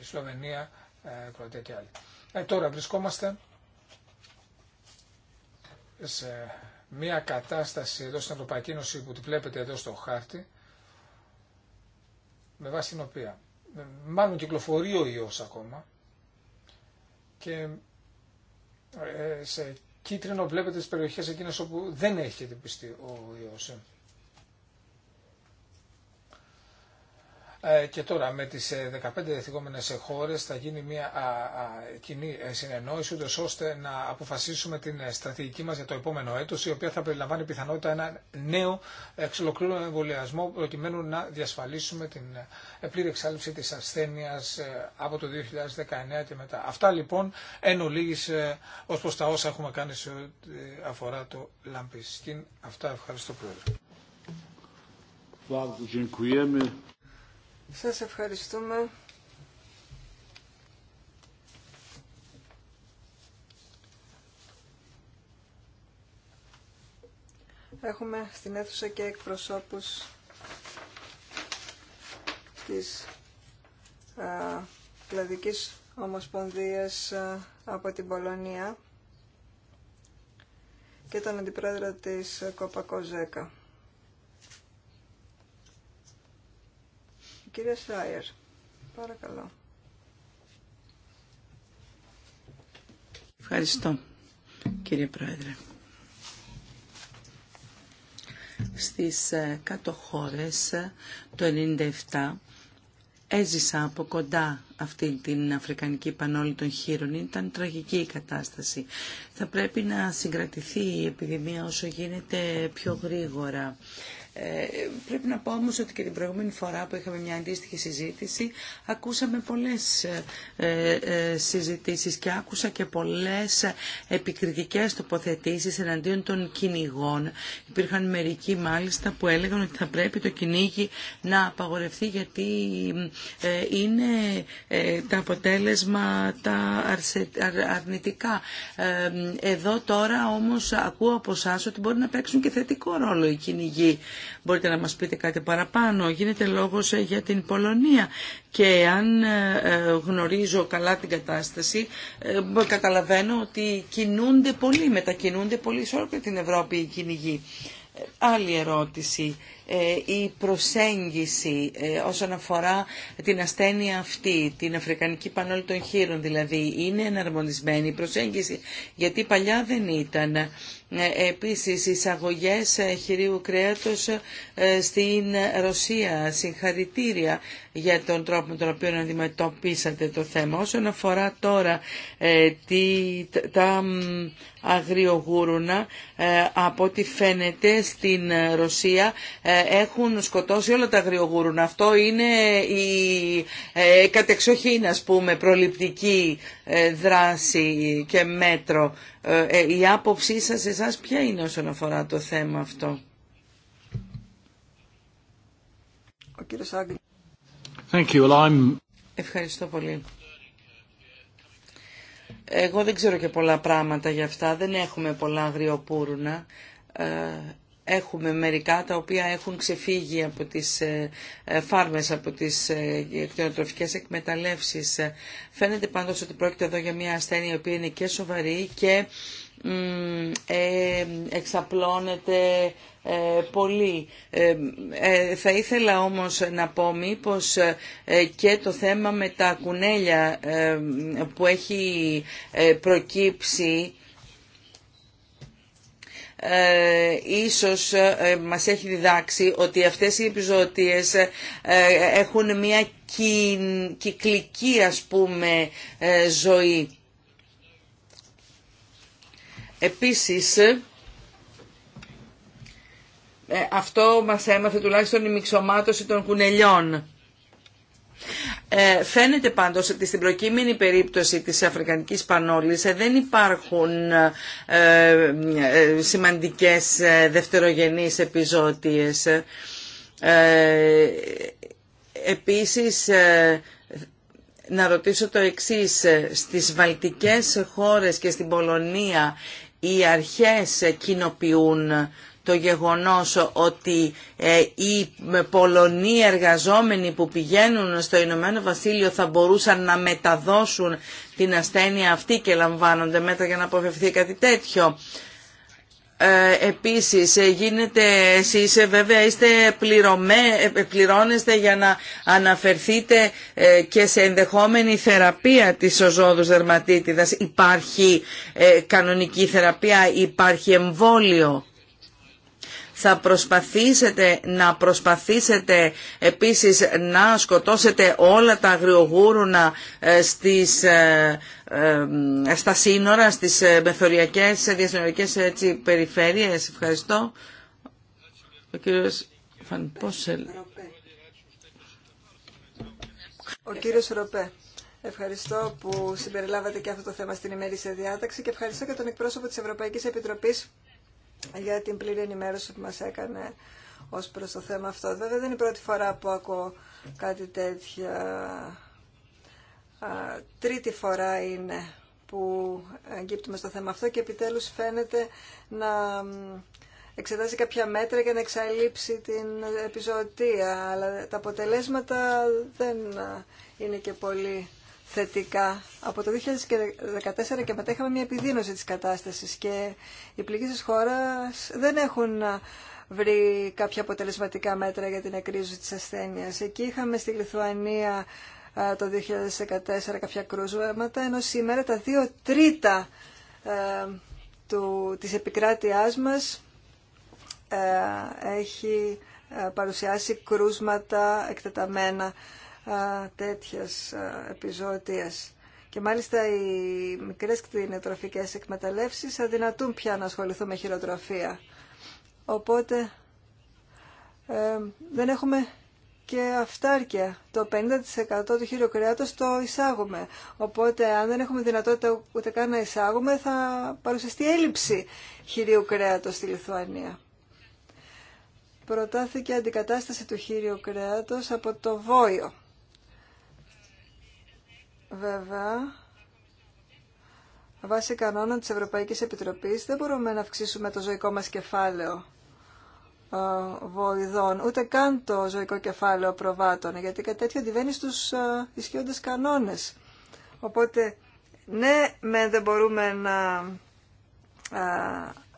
η Σλοβενία, η Κροατία και άλλοι. Ε, τώρα βρισκόμαστε σε μια κατάσταση εδώ στην Ευρωπαϊκή Ένωση που τη βλέπετε εδώ στο χάρτη, με βάση την οποία ε, μάλλον κυκλοφορεί ο ιός ακόμα και ε, σε κίτρινο βλέπετε τις περιοχές εκείνες όπου δεν έχει εντυπιστεί ο ιός. Ε, και τώρα με τις 15 ε, δεθυγόμενες χώρες θα γίνει μια κοινή ε, συνεννόηση ούτως ώστε να αποφασίσουμε την στρατηγική μας για το επόμενο έτος η οποία θα περιλαμβάνει πιθανότητα ένα νέο εξολοκλήρωμένο εμβολιασμό προκειμένου να διασφαλίσουμε την πλήρη εξάλληψη της ασθένειας από το 2019 και μετά. Αυτά λοιπόν εν ολίγης ως προς τα όσα έχουμε κάνει σε ό,τι αφορά το Λαμπίσκιν. Αυτά ευχαριστώ πρόεδρε. Σας ευχαριστούμε. Έχουμε στην αίθουσα και εκπροσώπους της α, Κλαδικής Ομοσπονδίας από την Πολωνία και τον αντιπρόεδρο της Κοπακοζέκα. Κύριε Σράιερ. Παρακαλώ. Ευχαριστώ, κύριε Πρόεδρε. Στις ε, κάτω χώρες ε, το 1997, έζησα από κοντά αυτή την Αφρικανική Πανόλη των Χείρων. Ήταν τραγική η κατάσταση. Θα πρέπει να συγκρατηθεί η επιδημία όσο γίνεται πιο γρήγορα. Ε, πρέπει να πω όμως ότι και την προηγούμενη φορά που είχαμε μια αντίστοιχη συζήτηση ακούσαμε πολλές ε, ε, συζητήσεις και άκουσα και πολλές επικριτικές τοποθετήσεις εναντίον των κυνηγών. Υπήρχαν μερικοί μάλιστα που έλεγαν ότι θα πρέπει το κυνήγι να απαγορευτεί γιατί είναι τα αποτέλεσμα τα αρνητικά. Εδώ τώρα όμως ακούω από εσά ότι μπορεί να παίξουν και θετικό ρόλο οι κυνηγοί. Μπορείτε να μας πείτε κάτι παραπάνω. Γίνεται λόγος ε, για την Πολωνία και αν ε, ε, γνωρίζω καλά την κατάσταση καταλαβαίνω ότι κινούνται πολύ, μετακινούνται πολύ σε όλη την Ευρώπη οι κυνηγοί. Άλλη ερώτηση. Η προσέγγιση όσον αφορά την ασθένεια αυτή, την Αφρικανική Πανόλη των Χείρων δηλαδή, είναι εναρμονισμένη η προσέγγιση, γιατί παλιά δεν ήταν. Ε, επίσης, εισαγωγές ε, χειρίου κρέατος ε, στην Ρωσία. Συγχαρητήρια για τον τρόπο με τον οποίο αντιμετωπίσατε το θέμα. Όσον αφορά τώρα τα αγριογούρουνα ε, από ό,τι φαίνεται στην ε, Ρωσία ε, έχουν σκοτώσει όλα τα αγριογούρουνα. Αυτό είναι η κατεξοχήν ας πούμε προληπτική δράση και μέτρο. Η άποψή σας εσάς ποια είναι όσον αφορά το θέμα αυτό. Thank you. Ευχαριστώ πολύ. Εγώ δεν ξέρω και πολλά πράγματα για αυτά, δεν έχουμε πολλά αγριοπούρουνα. Ε, Έχουμε μερικά τα οποία έχουν ξεφύγει από τις ε, ε, φάρμες, από τις ε, κτηνοτροφικές εκμεταλλεύσεις. Φαίνεται πάντως ότι πρόκειται εδώ για μια ασθένεια η οποία είναι και σοβαρή και εξαπλώνεται πολύ. Θα ήθελα όμως να πω μήπως και το θέμα με τα κουνέλια που έχει προκύψει ε, ίσως ε, μας έχει διδάξει ότι αυτές οι επιζωτίες ε, έχουν μια κυκλική ας πούμε ζωή. Επίσης, αυτό μας έμαθε τουλάχιστον η μιξομάτωση των κουνελιών. Ε, φαίνεται πάντως ότι στην προκείμενη περίπτωση της Αφρικανικής Πανόλης ε, δεν υπάρχουν ε, σημαντικές δευτερογενείς επιζώτιες. Επίσης, να ρωτήσω το εξής. Στις βαλτικές χώρες και στην Πολωνία οι αρχές κοινοποιούν το γεγονός ότι ε, οι Πολωνοί εργαζόμενοι που πηγαίνουν στο Ηνωμένο Βασίλειο θα μπορούσαν να μεταδώσουν την ασθένεια αυτή και λαμβάνονται μέτρα για να αποφευθεί κάτι τέτοιο. Ε, επίσης ε, γίνεται εσείς βέβαια είστε πληρωμέ, πληρώνεστε για να αναφερθείτε και σε ενδεχόμενη θεραπεία της οζόδους δερματίτιδας. Υπάρχει κανονική θεραπεία, υπάρχει εμβόλιο θα προσπαθήσετε να προσπαθήσετε επίσης να σκοτώσετε όλα τα αγριογούρουνα ε, στις, ε, ε, στα σύνορα, στις μεθοριακές, διασυνοριακές έτσι, περιφέρειες. Ευχαριστώ. Ο κύριος Ο κύριος Ροπέ. Ευχαριστώ που συμπεριλάβατε και αυτό το θέμα στην ημέρη σε διάταξη και ευχαριστώ και τον εκπρόσωπο της Ευρωπαϊκής Επιτροπής για την πλήρη ενημέρωση που μας έκανε ως προς το θέμα αυτό. Βέβαια δεν είναι η πρώτη φορά που ακούω κάτι τέτοια. Τρίτη φορά είναι που εγκύπτουμε στο θέμα αυτό και επιτέλους φαίνεται να εξετάζει κάποια μέτρα για να εξαλείψει την επιζωτία, αλλά τα αποτελέσματα δεν είναι και πολύ θετικά. Από το 2014 και μετά είχαμε μια επιδείνωση της κατάστασης και οι της χώρας δεν έχουν βρει κάποια αποτελεσματικά μέτρα για την εκρίζωση της ασθένειας. Εκεί είχαμε στη Λιθουανία το 2014 κάποια κρούσματα, ενώ σήμερα τα δύο τρίτα ε, του, της επικράτειάς μας έχει παρουσιάσει κρούσματα εκτεταμένα τέτοιας επιζώτιες. Και μάλιστα οι μικρές κτηνοτροφικές εκμεταλλεύσεις αδυνατούν πια να ασχοληθούν με χειροτροφία. Οπότε ε, δεν έχουμε και αυτάρκεια. Το 50% του χείριου το εισάγουμε. Οπότε αν δεν έχουμε δυνατότητα ούτε καν να εισάγουμε θα παρουσιαστεί έλλειψη χειρίου κρέατος στη Λιθουανία. Προτάθηκε αντικατάσταση του χείριου κρέατος από το βόιο. Βέβαια, βάσει κανόνων της Ευρωπαϊκής Επιτροπής δεν μπορούμε να αυξήσουμε το ζωικό μας κεφάλαιο ε, βοηδών, ούτε καν το ζωικό κεφάλαιο προβάτων, γιατί κάτι τέτοιο αντιβαίνει στους ε, ισχύοντες κανόνες. Οπότε, ναι, με δεν μπορούμε να ε,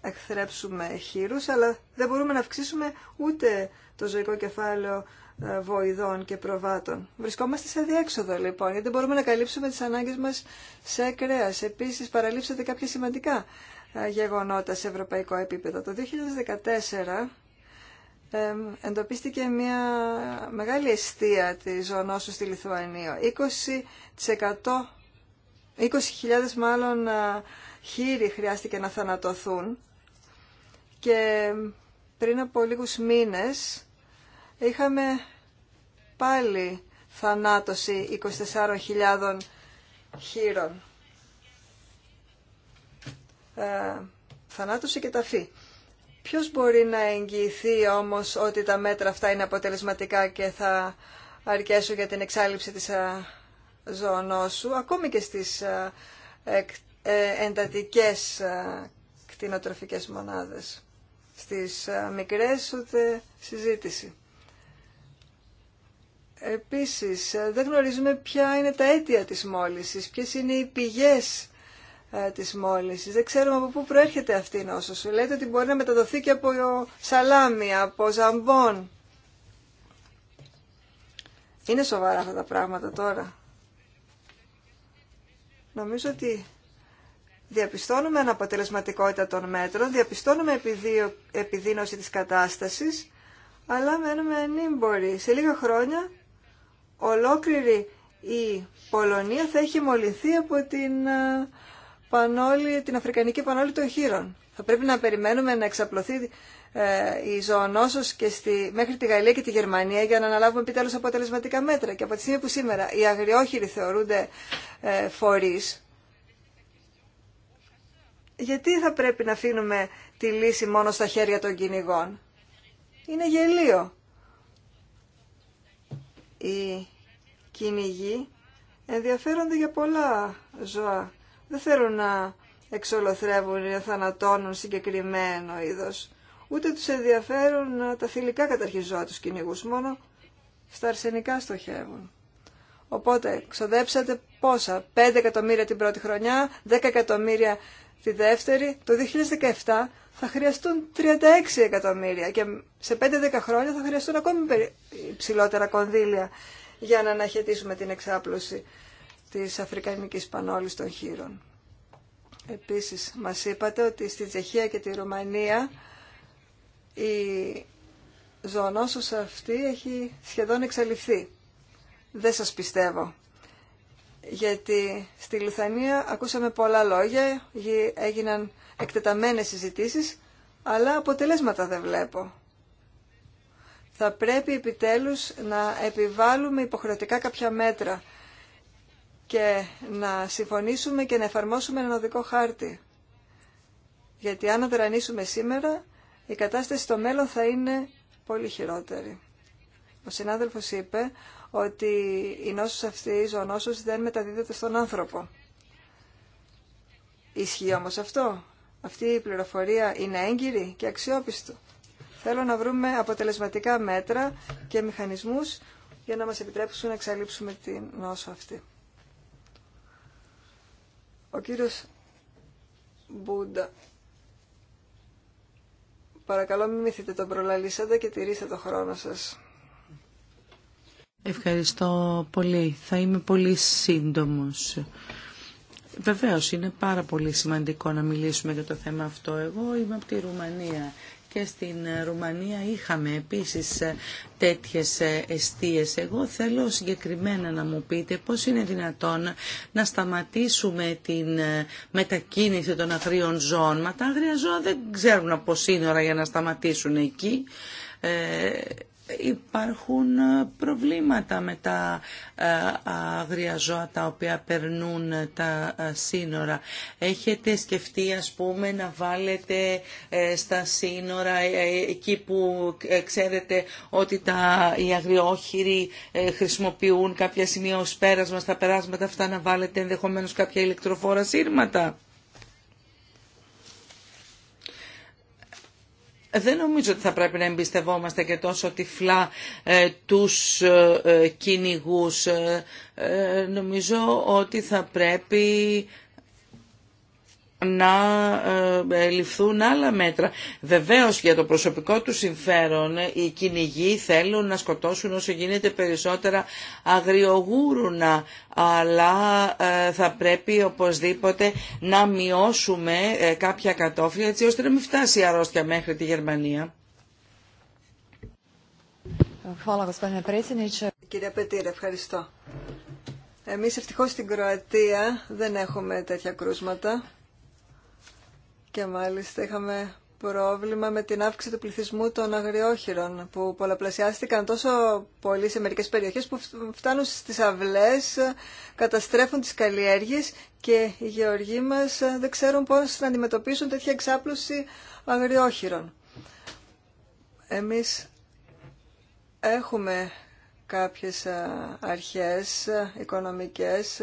εκθρέψουμε χείρους, αλλά δεν μπορούμε να αυξήσουμε ούτε το ζωικό κεφάλαιο ε, βοηδών και προβάτων. Βρισκόμαστε σε διέξοδο λοιπόν, γιατί μπορούμε να καλύψουμε τις ανάγκες μας σε κρέας. Επίσης παραλείψατε κάποια σημαντικά ε, γεγονότα σε ευρωπαϊκό επίπεδο. Το 2014 εντοπίστηκε μια μεγάλη αιστεία της ζωνόσου στη Λιθουανία. 20%, 20.000 μάλλον ε, χείροι χρειάστηκε να θανατωθούν και πριν από λίγους μήνες είχαμε πάλι θανάτωση 24.000 χείρων. Ε, θανάτωση και ταφή. Ποιος μπορεί να εγγυηθεί όμως ότι τα μέτρα αυτά είναι αποτελεσματικά και θα αρκέσουν για την εξάλληψη της ε, ζωονόσου, ακόμη και στις ε, ε, εντατικές κτηνοτροφικές μονάδες. Στις μικρές ούτε συζήτηση. Επίσης, ε, δεν γνωρίζουμε ποια είναι τα αίτια της μόλυσης, ποιες είναι οι πηγές ε, της μόλυσης. Δεν ξέρουμε από πού προέρχεται αυτή η νόσος. Λέτε ότι μπορεί να μεταδοθεί και από σαλάμι, από ζαμπόν. Είναι σοβαρά αυτά τα πράγματα τώρα. Νομίζω ότι διαπιστώνουμε αναποτελεσματικότητα των μέτρων, διαπιστώνουμε επιδίνωση της κατάστασης, αλλά μένουμε ανήμποροι. Σε λίγα χρόνια ολόκληρη η Πολωνία θα έχει μολυνθεί από την, ε, πανόλη, την Αφρικανική Πανόλη των Χείρων. Θα πρέπει να περιμένουμε να εξαπλωθεί ε, η ζωονόσος και στη, μέχρι τη Γαλλία και τη Γερμανία για να αναλάβουμε επιτέλου αποτελεσματικά μέτρα. Και από τη στιγμή που σήμερα οι αγριόχειροι θεωρούνται ε, φορείς, γιατί θα πρέπει να αφήνουμε τη λύση μόνο στα χέρια των κυνηγών. Είναι γελίο. Οι κυνηγοί ενδιαφέρονται για πολλά ζώα. Δεν θέλουν να εξολοθρεύουν ή να θανατώνουν συγκεκριμένο είδος. Ούτε τους ενδιαφέρουν τα θηλυκά καταρχήν ζώα τους κυνηγούς, μόνο στα αρσενικά στοχεύουν. Οπότε ξοδέψατε πόσα, 5 εκατομμύρια την πρώτη χρονιά, 10 εκατομμύρια τη δεύτερη. Το 2017 θα χρειαστούν 36 εκατομμύρια και σε 5-10 χρόνια θα χρειαστούν ακόμη υψηλότερα κονδύλια για να αναχαιτήσουμε την εξάπλωση της Αφρικανικής Πανόλης των Χείρων. Επίσης, μας είπατε ότι στη Τσεχία και τη Ρουμανία η ζωονόσος αυτή έχει σχεδόν εξαλειφθεί δεν σας πιστεύω. Γιατί στη Λιθανία ακούσαμε πολλά λόγια, έγιναν εκτεταμένες συζητήσεις, αλλά αποτελέσματα δεν βλέπω. Θα πρέπει επιτέλους να επιβάλλουμε υποχρεωτικά κάποια μέτρα και να συμφωνήσουμε και να εφαρμόσουμε έναν οδικό χάρτη. Γιατί αν αδρανίσουμε σήμερα, η κατάσταση στο μέλλον θα είναι πολύ χειρότερη. Ο συνάδελφος είπε ότι η νόσος αυτή, η νόσος, δεν μεταδίδεται στον άνθρωπο. Ισχύει όμως αυτό. Αυτή η πληροφορία είναι έγκυρη και αξιόπιστη. Θέλω να βρούμε αποτελεσματικά μέτρα και μηχανισμούς για να μας επιτρέψουν να εξαλείψουμε την νόσο αυτή. Ο κύριος Μπούντα. Παρακαλώ μην μυθείτε τον προλαλήσαντα και τηρήστε το χρόνο σας. Ευχαριστώ πολύ. Θα είμαι πολύ σύντομος. Βεβαίως είναι πάρα πολύ σημαντικό να μιλήσουμε για το θέμα αυτό. Εγώ είμαι από τη Ρουμανία και στην Ρουμανία είχαμε επίσης τέτοιες εστίες. Εγώ θέλω συγκεκριμένα να μου πείτε πώς είναι δυνατόν να σταματήσουμε την μετακίνηση των αγρίων ζώων. Μα τα αγρία ζώα δεν ξέρουν από σύνορα για να σταματήσουν εκεί. Ε, υπάρχουν ε, προβλήματα με τα ε, άγρια ζώα τα οποία περνούν τα ε, σύνορα. Έχετε σκεφτεί ας πούμε να βάλετε στα σύνορα εκεί που ξέρετε ότι τα, οι αγριόχειροι χρησιμοποιούν κάποια σημεία ως πέρασμα στα περάσματα αυτά να βάλετε ενδεχομένως κάποια ηλεκτροφόρα σύρματα. δεν νομίζω ότι θα πρέπει να εμπιστευόμαστε και τόσο τυφλά ε, τους ε, ε, κυνηγούς. Νομίζω ότι θα πρέπει να ε, ληφθούν άλλα μέτρα. Βεβαίως για το προσωπικό του συμφέρον οι κυνηγοί θέλουν να σκοτώσουν όσο γίνεται περισσότερα αγριογούρουνα αλλά ε, θα πρέπει οπωσδήποτε να μειώσουμε ε, κάποια κατόφλια έτσι ώστε να μην φτάσει η αρρώστια μέχρι τη Γερμανία. Κύριε Πετήρ, ευχαριστώ. Εμείς ευτυχώς στην Κροατία δεν έχουμε τέτοια κρούσματα. Και μάλιστα είχαμε πρόβλημα με την αύξηση του πληθυσμού των αγριόχειρων που πολλαπλασιάστηκαν τόσο πολύ σε μερικές περιοχές που φτάνουν στις αυλές, καταστρέφουν τις καλλιέργειες και οι γεωργοί μας δεν ξέρουν πώς να αντιμετωπίσουν τέτοια εξάπλωση αγριόχειρων. Εμείς έχουμε κάποιες αρχές οικονομικές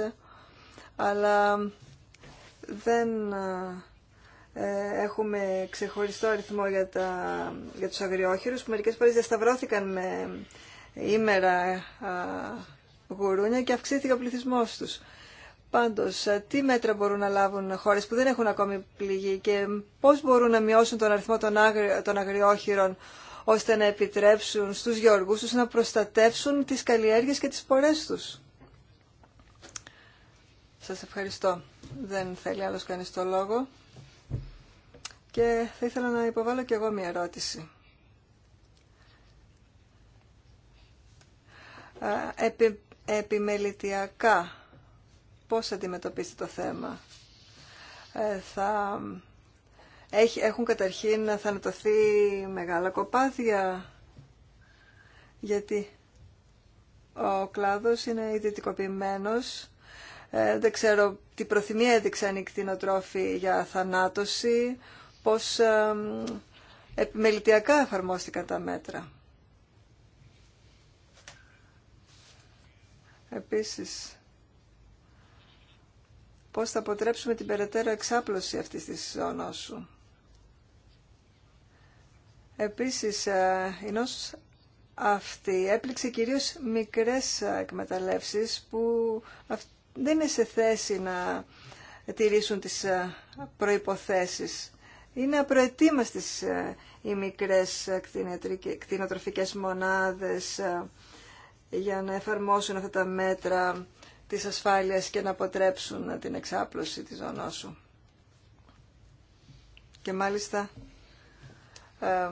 αλλά δεν ε, έχουμε ξεχωριστό αριθμό για, τα, για τους αγριόχειρους που μερικές φορές διασταυρώθηκαν με ήμερα γουρούνια και αυξήθηκε ο πληθυσμός τους. Πάντως, τι μέτρα μπορούν να λάβουν χώρες που δεν έχουν ακόμη πληγή και πώς μπορούν να μειώσουν τον αριθμό των, αγρι, των αγριόχειρων ώστε να επιτρέψουν στους γεωργούς τους να προστατεύσουν τις καλλιέργειες και τις πορές τους. Σας ευχαριστώ. Δεν θέλει άλλος κανείς το λόγο. Και θα ήθελα να υποβάλω και εγώ μια ερώτηση. Επι, επιμελητιακά, πώς αντιμετωπίζετε το θέμα. Ε, θα, έχουν καταρχήν να θανατωθεί μεγάλα κοπάδια, γιατί ο κλάδος είναι ιδιωτικοποιημένος. Ε, δεν ξέρω τι προθυμία έδειξαν οι κτηνοτρόφοι για θανάτωση πως επιμελητιακά εφαρμόστηκαν τα μέτρα. Επίσης, πώς θα αποτρέψουμε την περαιτέρω εξάπλωση αυτής της νόσου. Επίσης, ε, η νόσος αυτή έπληξε κυρίως μικρές ε, εκμεταλλεύσεις που δεν είναι σε θέση να τηρήσουν τις ε, προϋποθέσεις είναι απροετοίμαστες ε, οι μικρές κτηνοτροφικές μονάδες ε, για να εφαρμόσουν αυτά τα μέτρα της ασφάλειας και να αποτρέψουν την εξάπλωση της ζωνόσου. Και μάλιστα ε,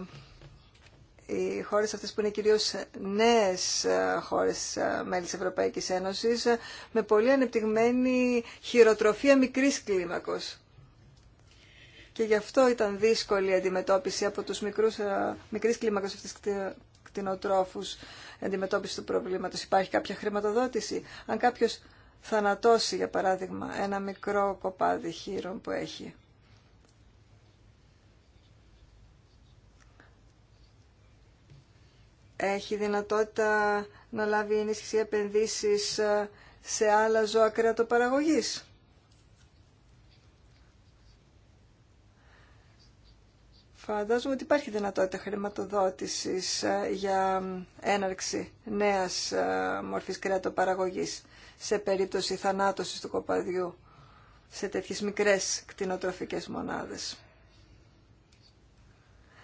οι χώρες αυτές που είναι κυρίως νέες χώρες μέλη της Ευρωπαϊκής Ένωσης με πολύ ανεπτυγμένη χειροτροφία μικρής κλίμακος και γι' αυτό ήταν δύσκολη η αντιμετώπιση από τους μικρούς, ε, μικρής κλίμακας αυτής κτηνοτρόφους αντιμετώπιση του προβλήματος. Υπάρχει κάποια χρηματοδότηση. Αν κάποιος θανατώσει, για παράδειγμα, ένα μικρό κοπάδι χείρων που έχει, έχει δυνατότητα να λάβει ενίσχυση επενδύσεις ε, σε άλλα ζώα κρεατοπαραγωγής. Φαντάζομαι ότι υπάρχει δυνατότητα χρηματοδότησης ε, για έναρξη νέας ε, μορφής κρεατοπαραγωγής σε περίπτωση θανάτωσης του κοπαδιού σε τέτοιες μικρές κτηνοτροφικές μονάδες.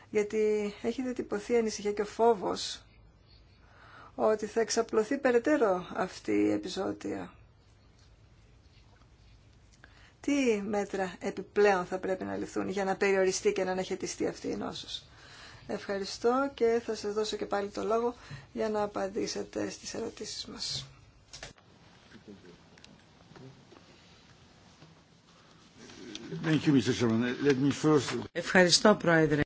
Γιατί έχει διατυπωθεί ανησυχία και φόβος ότι θα εξαπλωθεί περαιτέρω αυτή η επιζώτια τι μέτρα επιπλέον θα πρέπει να ληφθούν για να περιοριστεί και να αναχαιτιστεί αυτή η νόσος. Ευχαριστώ και θα σας δώσω και πάλι το λόγο για να απαντήσετε στις ερωτήσεις μας. Ευχαριστώ, Πρόεδρε.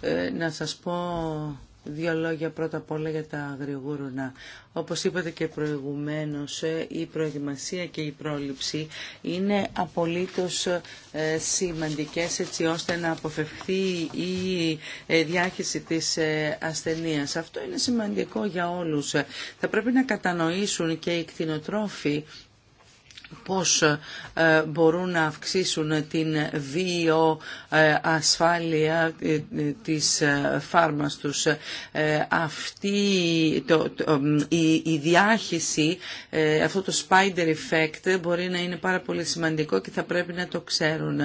Ε, να σας πω Δύο λόγια πρώτα απ' όλα για τα αγριγούρουνα. Όπως είπατε και προηγουμένως, ε, η προετοιμασία και η πρόληψη είναι απολύτως ε, σημαντικές έτσι ώστε να αποφευχθεί η ε, διάχυση της ασθενείας. Αυτό είναι σημαντικό για όλους. Θα πρέπει να κατανοήσουν και οι κτηνοτρόφοι πώς ε, μπορούν να αυξήσουν την βιοασφάλεια ε, ε, της φάρμας τους. Αυτή η, η διάχυση, αυτό το spider effect μπορεί να είναι πάρα πολύ σημαντικό και θα πρέπει να το ξέρουν.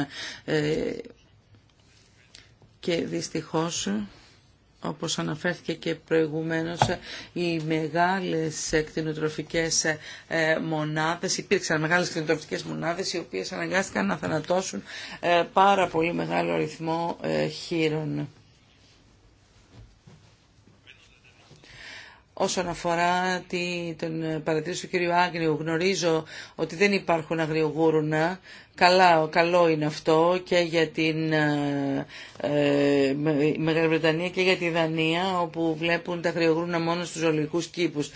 Και δυστυχώς όπως αναφέρθηκε και προηγουμένως, οι μεγάλες κτηνοτροφικές ε, μονάδες, υπήρξαν μεγάλες κτηνοτροφικές μονάδες, οι οποίες αναγκάστηκαν να θανατώσουν ε, πάρα πολύ μεγάλο αριθμό ε, χείρων. Όσον αφορά την παρατήρηση του κ. Άγνιου, γνωρίζω ότι δεν υπάρχουν αγριογούρουνα Καλά, καλό είναι αυτό και για την ε, ε, Μεγάλη Βρετανία και για τη Δανία όπου βλέπουν τα χρεογρούνα μόνο στους ζωολογικούς κήπους.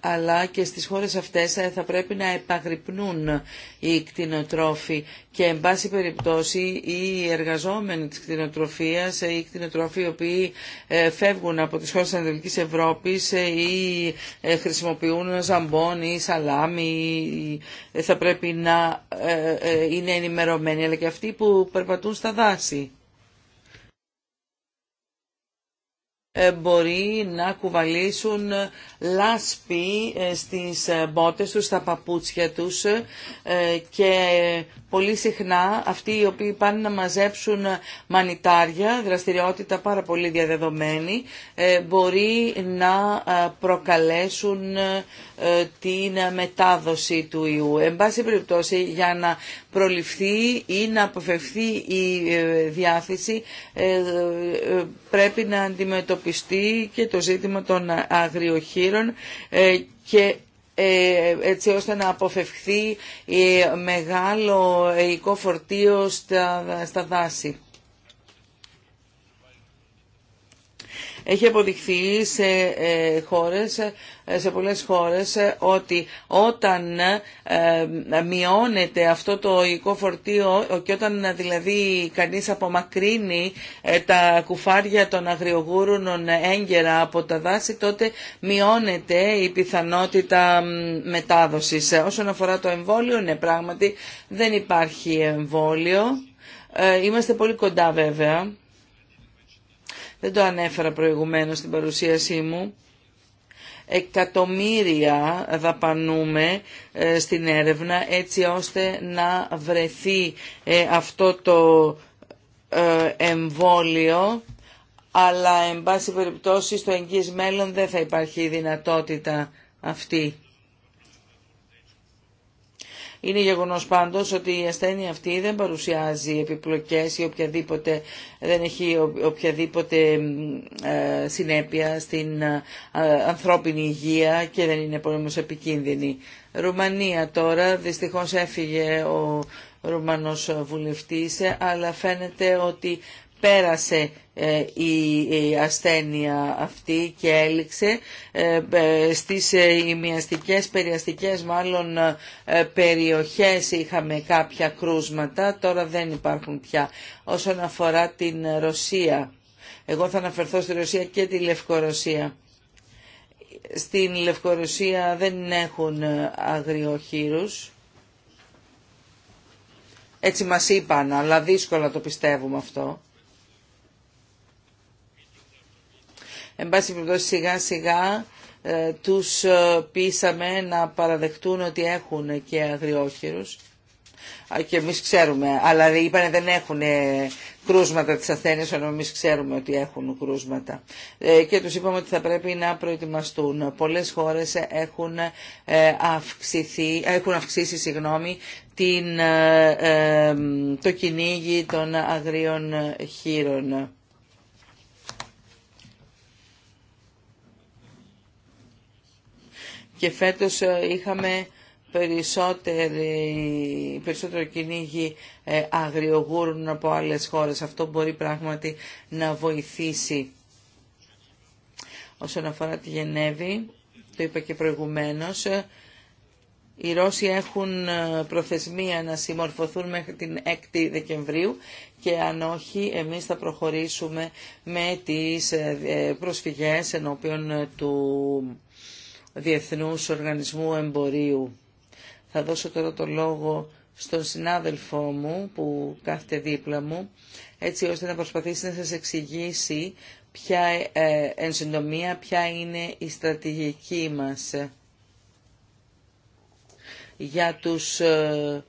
αλλά και στις χώρες αυτές ε, θα πρέπει να επαγρυπνούν οι κτηνοτρόφοι και εν πάση περιπτώσει οι εργαζόμενοι της κτηνοτροφίας, οι κτηνοτρόφοι οι οποίοι φεύγουν από τις χώρες της Ανατολικής Ευρώπης ή χρησιμοποιούν ζαμπόν ή σαλάμι θα πρέπει να ε, ε, είναι ενημερωμένοι, αλλά και αυτοί που περπατούν στα δάση. Ε, μπορεί να κουβαλήσουν λάσπη ε, στις ε, μπότες τους, στα παπούτσια τους και πολύ συχνά αυτοί οι οποίοι πάνε να μαζέψουν μανιτάρια, δραστηριότητα πάρα πολύ διαδεδομένη, μπορεί να προκαλέσουν την μετάδοση του ιού. Εν πάση περιπτώσει για να προληφθεί ή να αποφευθεί η διάθεση πρέπει να αποφευθει η διαθεση πρεπει να αντιμετωπισουν και το ζήτημα των αγριοχείρων ε, και ε, έτσι ώστε να αποφευχθεί ε, μεγάλο οικοφορτίο φορτίο στα δάση. Έχει αποδειχθεί σε, ε, χώρες, ε, σε πολλές χώρες ε, ότι όταν μειώνεται αυτό το οικοφορτίο φορτίο και όταν δηλαδή κανείς απομακρύνει τα κουφάρια των αγριογούρων έγκαιρα από τα δάση τότε μειώνεται η πιθανότητα μετάδοσης. Όσον αφορά το εμβόλιο, ναι πράγματι δεν υπάρχει εμβόλιο. Είμαστε πολύ κοντά βέβαια δεν το ανέφερα προηγουμένως στην παρουσίασή μου, εκατομμύρια δαπανούμε ε, στην έρευνα έτσι ώστε να βρεθεί ε, αυτό το ε, εμβόλιο αλλά εν πάση περιπτώσει στο εγγύς μέλλον δεν θα υπάρχει η δυνατότητα αυτή. Είναι γεγονό πάντως ότι η ασθένεια αυτή δεν παρουσιάζει επιπλοκές ή οποιαδήποτε, δεν έχει οποιαδήποτε ε, συνέπεια στην ε, ανθρώπινη υγεία και δεν είναι πολύ επικίνδυνη. Ρουμανία τώρα, δυστυχώς έφυγε ο Ρουμανός βουλευτής, αλλά φαίνεται ότι πέρασε ε, η ασθένεια αυτή και έληξε ε, ε, στις ημιαστικές, περιαστικές μάλλον περιοχές είχαμε κάποια κρούσματα, τώρα δεν υπάρχουν πια. Όσον αφορά την Ρωσία, εγώ θα αναφερθώ στη Ρωσία και τη Λευκορωσία. Στην Λευκορωσία δεν έχουν αγριοχείρους. Έτσι μας είπαν, αλλά δύσκολα το πιστεύουμε αυτό. Εν πάση περιπτώσει σιγά σιγά ε, τους ε, πείσαμε να παραδεχτούν ότι έχουν και αγριόχειρους. Και εμεί ξέρουμε, αλλά είπανε δεν έχουν ε, κρούσματα της ασθένειας, αλλά εμεί ξέρουμε ότι έχουν κρούσματα. Και τους είπαμε ότι θα πρέπει να προετοιμαστούν. Πολλές χώρες έχουν, αυξηθεί, έχουν αυξήσει συγγνώμη, την, το κυνήγι των αγρίων χείρων. και φέτος ε, είχαμε περισσότερη, περισσότερο κυνήγι ε, από άλλες χώρες. Αυτό μπορεί πράγματι να βοηθήσει. Όσον αφορά τη Γενέβη, το είπα και προηγουμένως, ε, οι Ρώσοι έχουν ε, προθεσμία να συμμορφωθούν μέχρι την 6η Δεκεμβρίου και αν όχι εμείς θα προχωρήσουμε με τις προσφυγές ενώπιον του Διεθνούς Οργανισμού Εμπορίου. Θα δώσω τώρα το λόγο στον συνάδελφό μου που κάθεται δίπλα μου, έτσι ώστε να προσπαθήσει να σας εξηγήσει ποια, ε, εν συντομία ποια είναι η στρατηγική μας για τους ε,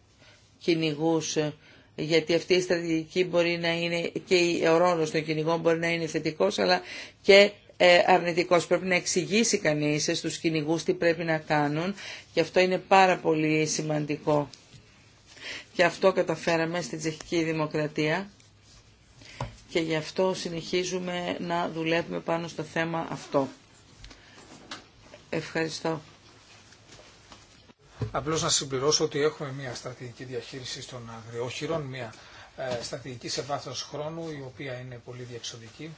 γιατί αυτή η στρατηγική μπορεί να είναι και ο ρόλος των κυνηγών μπορεί να είναι θετικός αλλά και ε, αρνητικός. Πρέπει να εξηγήσει κανείς στους κυνηγούς τι πρέπει να κάνουν και αυτό είναι πάρα πολύ σημαντικό. Και αυτό καταφέραμε στην τσεχική δημοκρατία και γι' αυτό συνεχίζουμε να δουλεύουμε πάνω στο θέμα αυτό. Ευχαριστώ. Απλώς να συμπληρώσω ότι έχουμε μια στρατηγική διαχείριση των αγριόχειρων, μια ε, στρατηγική σε βάθος χρόνου, η οποία είναι πολύ διεξοδική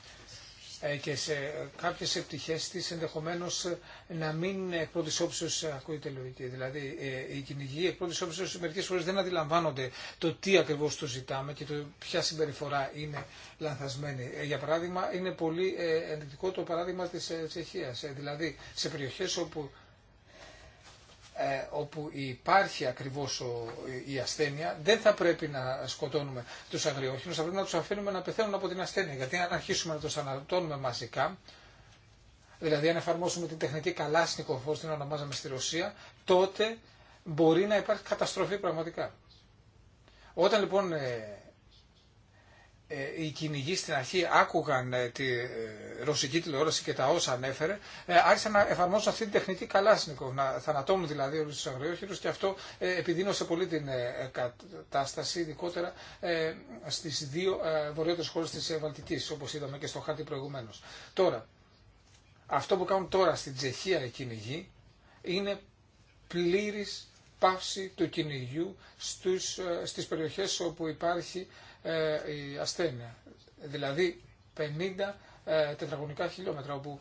ε, και σε κάποιες επιτυχίες της ενδεχομένως να μην εκ πρώτης όψεως ακούγεται λογική. Δηλαδή ε, οι κυνηγοί εκ πρώτης όψεως μερικές φορές δεν αντιλαμβάνονται το τι ακριβώς το ζητάμε και το ποια συμπεριφορά είναι λανθασμένη. Ε, για παράδειγμα είναι πολύ ενδεικτικό το παράδειγμα της Τσεχίας. Δηλαδή σε περιοχές όπου ε, όπου υπάρχει ακριβώς η ασθένεια, δεν θα πρέπει να σκοτώνουμε τους αγριόχινους, θα πρέπει να τους αφήνουμε να πεθαίνουν από την ασθένεια. Γιατί αν αρχίσουμε να τους αναρτώνουμε μαζικά, δηλαδή αν εφαρμόσουμε την τεχνική καλάσνικο φως, την ονομάζαμε στη Ρωσία, τότε μπορεί να υπάρχει καταστροφή πραγματικά. Όταν λοιπόν ε, ε, οι κυνηγοί στην αρχή άκουγαν ε, τη ε, ρωσική τηλεόραση και τα όσα ανέφερε, άρχισαν να εφαρμόσουν αυτή την τεχνική Καλάσνικο, να θανατώνουν δηλαδή όλου του αγριόχειρου και αυτό επιδίνωσε πολύ την κατάσταση, ειδικότερα στι δύο βορειότερε χώρε τη Βαλτική, όπω είδαμε και στο χάρτη προηγουμένω. Τώρα, αυτό που κάνουν τώρα στην Τσεχία οι κυνηγοί είναι πλήρης πάυση του κυνηγιού στους, ε, στις περιοχές όπου υπάρχει ε, η ασθένεια. Δηλαδή 50 ε, τετραγωνικά χιλιόμετρα όπου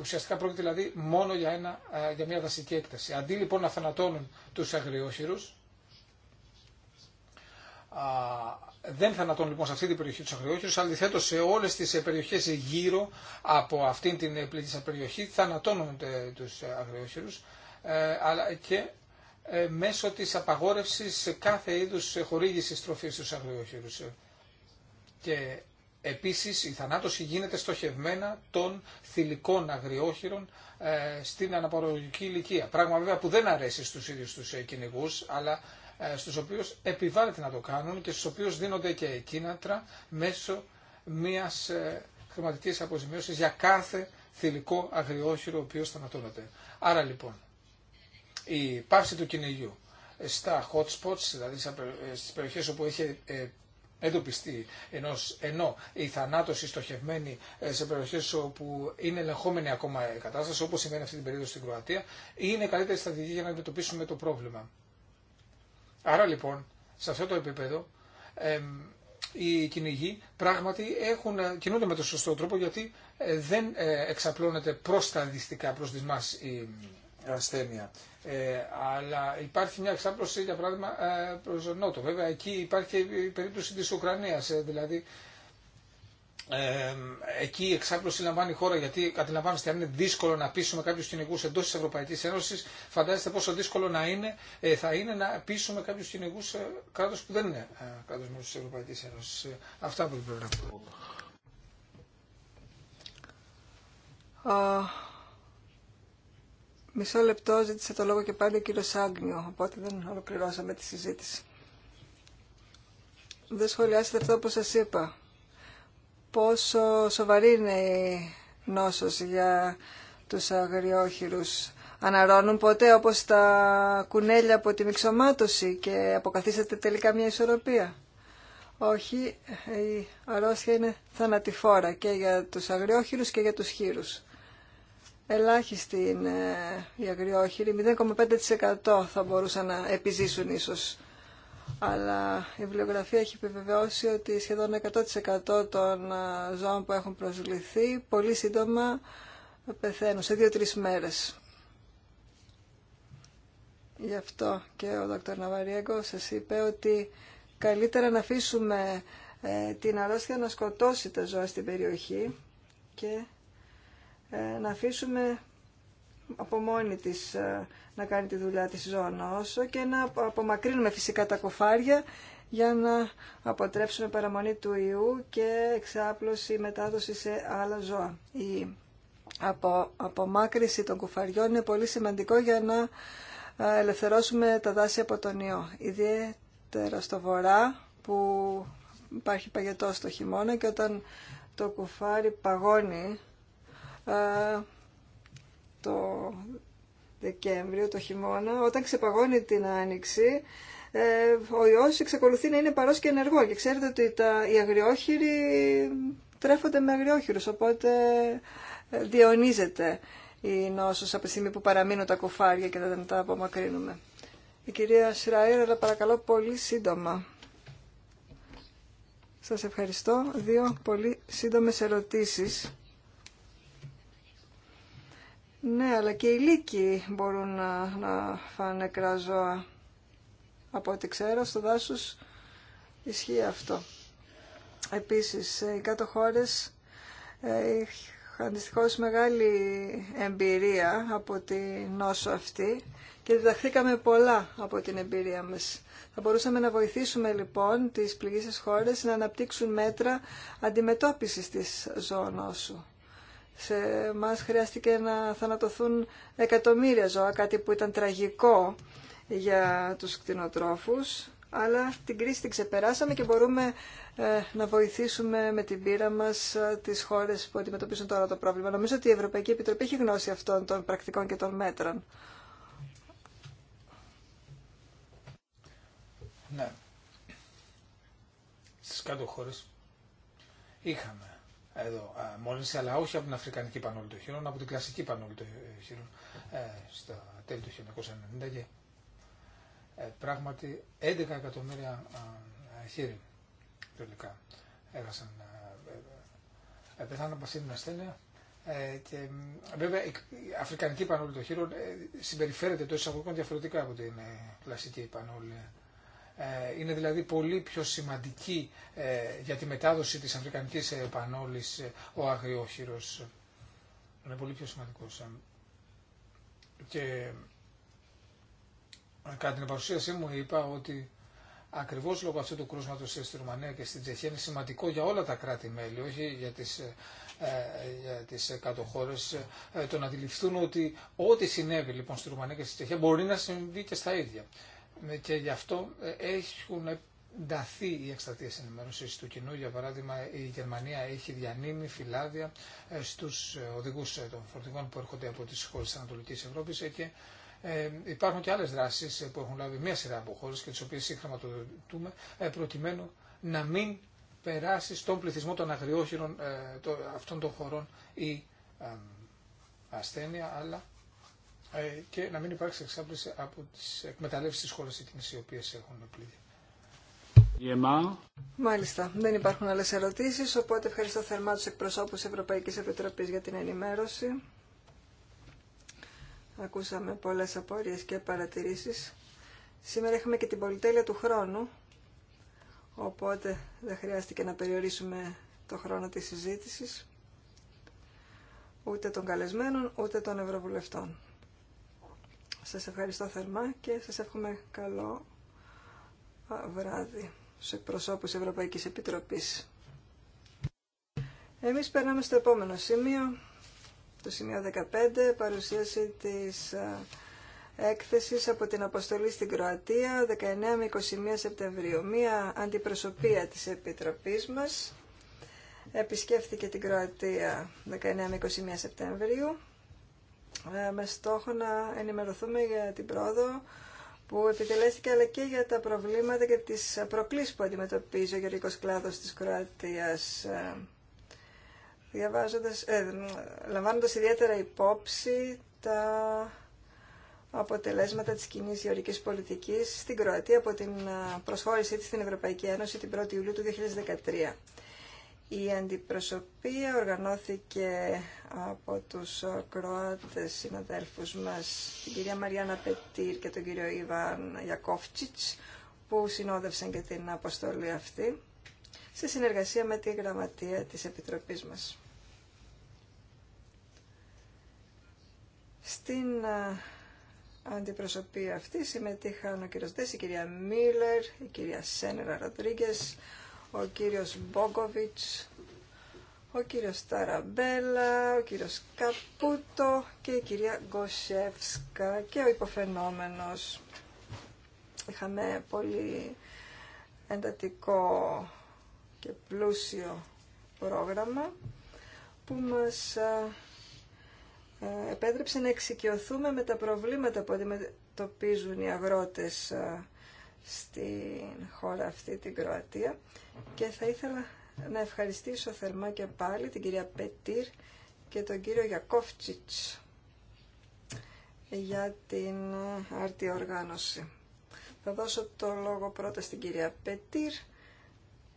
ουσιαστικά πρόκειται δηλαδή μόνο για, ένα, για μια δασική έκταση. Αντί λοιπόν να θανατώνουν τους αγριόχειρους, δεν θανατώνουν λοιπόν σε αυτή την περιοχή του αγριόχειρου, αντιθέτω σε όλε τι περιοχέ γύρω από αυτήν την πληθυσμένη περιοχή θανατώνουν του αγριόχειρου αλλά και ε, μέσω της απαγόρευσης κάθε είδους χορήγησης τροφής στους αγριοχείρους. Και επίσης η θανάτωση γίνεται στοχευμένα των θηλυκών αγριόχειρων ε, στην αναπαραγωγική ηλικία. Πράγμα βέβαια που δεν αρέσει στους ίδιους τους ε, κυνηγούς, αλλά στους οποίους επιβάλλεται να το κάνουν και στους οποίους δίνονται και εκείνατρα μέσω μιας χρηματικής αποζημίωσης για κάθε θηλυκό αγριόχειρο ο οποίος θανατώνεται. Άρα λοιπόν, η πάυση του κυνηγιού στα hot spots, δηλαδή ε, στις περιοχές όπου είχε ε, εντοπιστεί, ενώ, ενώ η θανάτωση στοχευμένη ε, σε περιοχές όπου είναι ελεγχόμενη ακόμα η κατάσταση, όπως σημαίνει αυτή την περίοδο στην Κροατία, είναι καλύτερη στρατηγική για να αντιμετωπίσουμε το πρόβλημα. Άρα λοιπόν, σε αυτό το επίπεδο, οι κυνηγοί πράγματι έχουν, κινούνται με τον σωστό τρόπο γιατί δεν εξαπλώνεται προς τα δυστικά, προς τις μας ασθένεια. Ε, αλλά υπάρχει μια εξάπλωση, για παράδειγμα, ε, προς Νότο. Βέβαια, εκεί υπάρχει η περίπτωση της Ουκρανίας, ε, δηλαδή ε, εκεί η εξάπλωση λαμβάνει χώρα γιατί καταλαβαίνετε, αν είναι δύσκολο να πείσουμε κάποιου κυνηγού εντό τη Ευρωπαϊκή Ένωση, φαντάζεστε πόσο δύσκολο να είναι, θα είναι να πείσουμε κάποιου κυνηγού ε, κράτο που δεν είναι ε, κράτο μέλο τη Ευρωπαϊκή Ένωση. Ε, αυτά πρέπει να πω. Μισό λεπτό ζήτησε το λόγο και πάλι ο κύριο Άγνιο, οπότε δεν ολοκληρώσαμε τη συζήτηση. Δεν σχολιάσετε αυτό που σας είπα. Πόσο σοβαρή είναι η νόσος για τους αγριόχειρους. Αναρώνουν ποτέ όπως τα κουνέλια από τη μειξωμάτωση και αποκαθίσατε τελικά μια ισορροπία. Όχι, η αρρώστια είναι θανατηφόρα και για τους αγριόχειρους και για τους χείρους ελάχιστη είναι η αγριόχειρη, 0,5% θα μπορούσαν να επιζήσουν ίσως. Αλλά η βιβλιογραφία έχει επιβεβαιώσει ότι σχεδόν 100% των ε, ζώων που έχουν προσβληθεί πολύ σύντομα πεθαίνουν σε 2-3 μέρες. Γι' αυτό και ο Δόκτωρ Ναβαριέγκο σας είπε ότι καλύτερα να αφήσουμε ε, την αρρώστια να σκοτώσει τα ζώα στην περιοχή και ε, να αφήσουμε από μόνη της ε, να κάνει τη δουλειά της όσο και να απομακρύνουμε φυσικά τα κουφάρια για να αποτρέψουμε παραμονή του ιού και εξάπλωση ή μετάδοση σε άλλα ζώα. Η απο, απομάκρυση των κουφαριών είναι πολύ σημαντικό για να ε, ελευθερώσουμε τα δάση από τον ιό. Ιδιαίτερα στο βορρά που υπάρχει παγετό στο χειμώνα και όταν το κουφάρι παγώνει ε, το Δεκέμβριο, το χειμώνα, όταν ξεπαγώνει την Άνοιξη, ε, ο ιός εξακολουθεί να είναι παρός και ενεργό και ξέρετε ότι τα, οι αγριόχειροι τρέφονται με αγριόχειρους, οπότε ε, διαιωνίζεται η νόσος από τη στιγμή που παραμείνουν τα κουφάρια και δεν τα απομακρύνουμε. Η κυρία Σραίρα αλλά παρακαλώ πολύ σύντομα. Σας ευχαριστώ. Δύο πολύ σύντομες ερωτήσεις ναι, αλλά και οι λύκοι μπορούν να, να φάνε νεκρά Από ό,τι ξέρω, στο δάσος ισχύει αυτό. Επίσης, ε, οι κάτω χώρες ε, είχαν δυστυχώς μεγάλη εμπειρία από την νόσο αυτή και διδαχθήκαμε πολλά από την εμπειρία μας. Θα μπορούσαμε να βοηθήσουμε λοιπόν τις πληγήσεις χώρες να αναπτύξουν μέτρα αντιμετώπισης της ζωονόσου. Σε εμά χρειάστηκε να θανατωθούν εκατομμύρια ζώα, κάτι που ήταν τραγικό για τους κτηνοτρόφους, αλλά την κρίση την ξεπεράσαμε και μπορούμε ε, να βοηθήσουμε με την πείρα μας ε, τις χώρες που αντιμετωπίζουν τώρα το πρόβλημα. Νομίζω ότι η Ευρωπαϊκή Επιτροπή έχει γνώση αυτών των πρακτικών και των μέτρων. Ναι. Στις κάτω χώρες είχαμε εδώ αλλά όχι από την Αφρικανική Πανόλη των Χείρων, από την κλασική Πανόλη των Χείρων ε, στα τέλη του 1990 ε, πράγματι 11 εκατομμύρια χείρι τελικά έχασαν πέθανε ε, από αυτή την ασθένεια βέβαια η Αφρικανική Πανόλη των Χείρων συμπεριφέρεται τόσο διαφορετικά από την κλασική Πανόλη ε, είναι δηλαδή πολύ πιο σημαντική ε, για τη μετάδοση της αφρικανικής επανόλης ε, ο αγριόχειρος. Είναι πολύ πιο σημαντικός. Και κατά την παρουσίασή μου είπα ότι ακριβώς λόγω αυτού του κρούσματος στη Ρουμανία και στην Τσεχία είναι σημαντικό για όλα τα κράτη-μέλη, όχι για τις, για τις το να αντιληφθούν ότι ό,τι συνέβη λοιπόν στη Ρουμανία και στη Τσεχία μπορεί να συμβεί και στα ίδια και γι' αυτό ε, έχουν ενταθεί οι εκστρατείε ενημέρωση του κοινού. Για παράδειγμα, η Γερμανία έχει διανύμει φυλάδια ε, στου οδηγού ε, των φορτηγών που έρχονται από τι χώρε τη Ανατολική Ευρώπη και υπάρχουν και άλλε δράσει που έχουν λάβει μια σειρά από χώρε και τι οποίε συγχρηματοδοτούμε προκειμένου να μην περάσει στον πληθυσμό των αγριόχειρων αυτών των χωρών η ασθένεια, αλλά ε, και να μην υπάρξει εξάπλωση από τις εκμεταλλεύσεις της χώρας η οι οποίε έχουν πληγεί. Μάλιστα. Δεν υπάρχουν άλλε ερωτήσει. οπότε ευχαριστώ θερμά τους εκπροσώπους Ευρωπαϊκή Επιτροπή για την ενημέρωση. Ακούσαμε πολλέ απορίες και παρατηρήσει. Σήμερα έχουμε και την πολυτέλεια του χρόνου, οπότε δεν χρειάστηκε να περιορίσουμε το χρόνο της συζήτησης ούτε των καλεσμένων, ούτε των ευρωβουλευτών. Σας ευχαριστώ θερμά και σας εύχομαι καλό βράδυ σε προσώπους Ευρωπαϊκής Επιτροπής. Εμείς περνάμε στο επόμενο σημείο, το σημείο 15, παρουσίαση της έκθεσης από την αποστολή στην Κροατία 19 με 21 Σεπτεμβρίου. Μία αντιπροσωπεία της Επιτροπής μας επισκέφθηκε την Κροατία 19 με 21 Σεπτεμβρίου ε, με στόχο να ενημερωθούμε για την πρόοδο που επιτελέστηκε αλλά και για τα προβλήματα και τις προκλήσεις που αντιμετωπίζει ο γερικός κλάδος της Κροατίας. Ε, διαβάζοντας, ε, λαμβάνοντας ιδιαίτερα υπόψη τα αποτελέσματα της κοινή γεωρικής πολιτικής στην Κροατία από την προσχώρησή της στην Ευρωπαϊκή Ένωση την 1η Ιουλίου του 2013. Η αντιπροσωπεία οργανώθηκε από τους Κροάτες συναδέλφους μας, την κυρία Μαριάννα Πετήρ και τον κύριο Ιβάν Γιακόφτσιτς, που συνόδευσαν και την αποστολή αυτή, σε συνεργασία με τη γραμματεία της Επιτροπής μας. Στην αντιπροσωπεία αυτή συμμετείχαν ο κύριος Δέση, η κυρία Μίλλερ, η κυρία Σένερα Ροντρίγκες, ο κύριος Μπόγκοβιτς, ο κύριος Ταραμπέλα, ο κύριος Καπούτο και η κυρία Γκοσεύσκα και ο υποφαινόμενος. Είχαμε πολύ εντατικό και πλούσιο πρόγραμμα που μας επέτρεψε να εξοικειωθούμε με τα προβλήματα που αντιμετωπίζουν οι αγρότες στην χώρα αυτή, την Κροατία. Και θα ήθελα να ευχαριστήσω θερμά και πάλι την κυρία Πετήρ και τον κύριο Γιακόφτσιτς για την άρτη οργάνωση. Θα δώσω το λόγο πρώτα στην κυρία Πετήρ,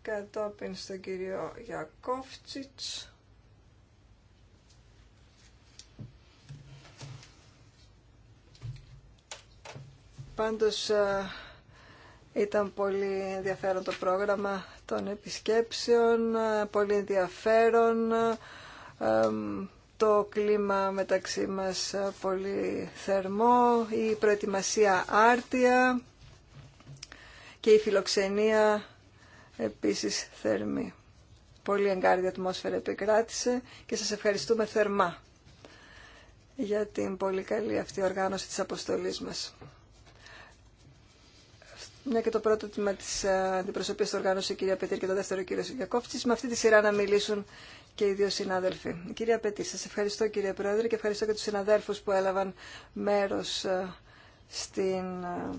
κατόπιν στον κύριο Γιακόφτσιτς. Πάντως ε, ήταν πολύ ενδιαφέρον το πρόγραμμα των επισκέψεων, πολύ ενδιαφέρον το κλίμα μεταξύ μας ε, πολύ θερμό, η προετοιμασία άρτια και η φιλοξενία επίσης θερμή. Πολύ εγκάρδια ατμόσφαιρα επικράτησε και σας ευχαριστούμε θερμά για την πολύ καλή αυτή οργάνωση της αποστολής μας μια και το πρώτο τμήμα τη ε, αντιπροσωπεία του οργάνωση η κυρία Πετήρ και το δεύτερο ο κύριο Γιακόφτη. Με αυτή τη σειρά να μιλήσουν και οι δύο συνάδελφοι. κυρία Πετήρ, σα ευχαριστώ κύριε Πρόεδρε και ευχαριστώ και του συναδέλφου που έλαβαν μέρο ε, στην ε,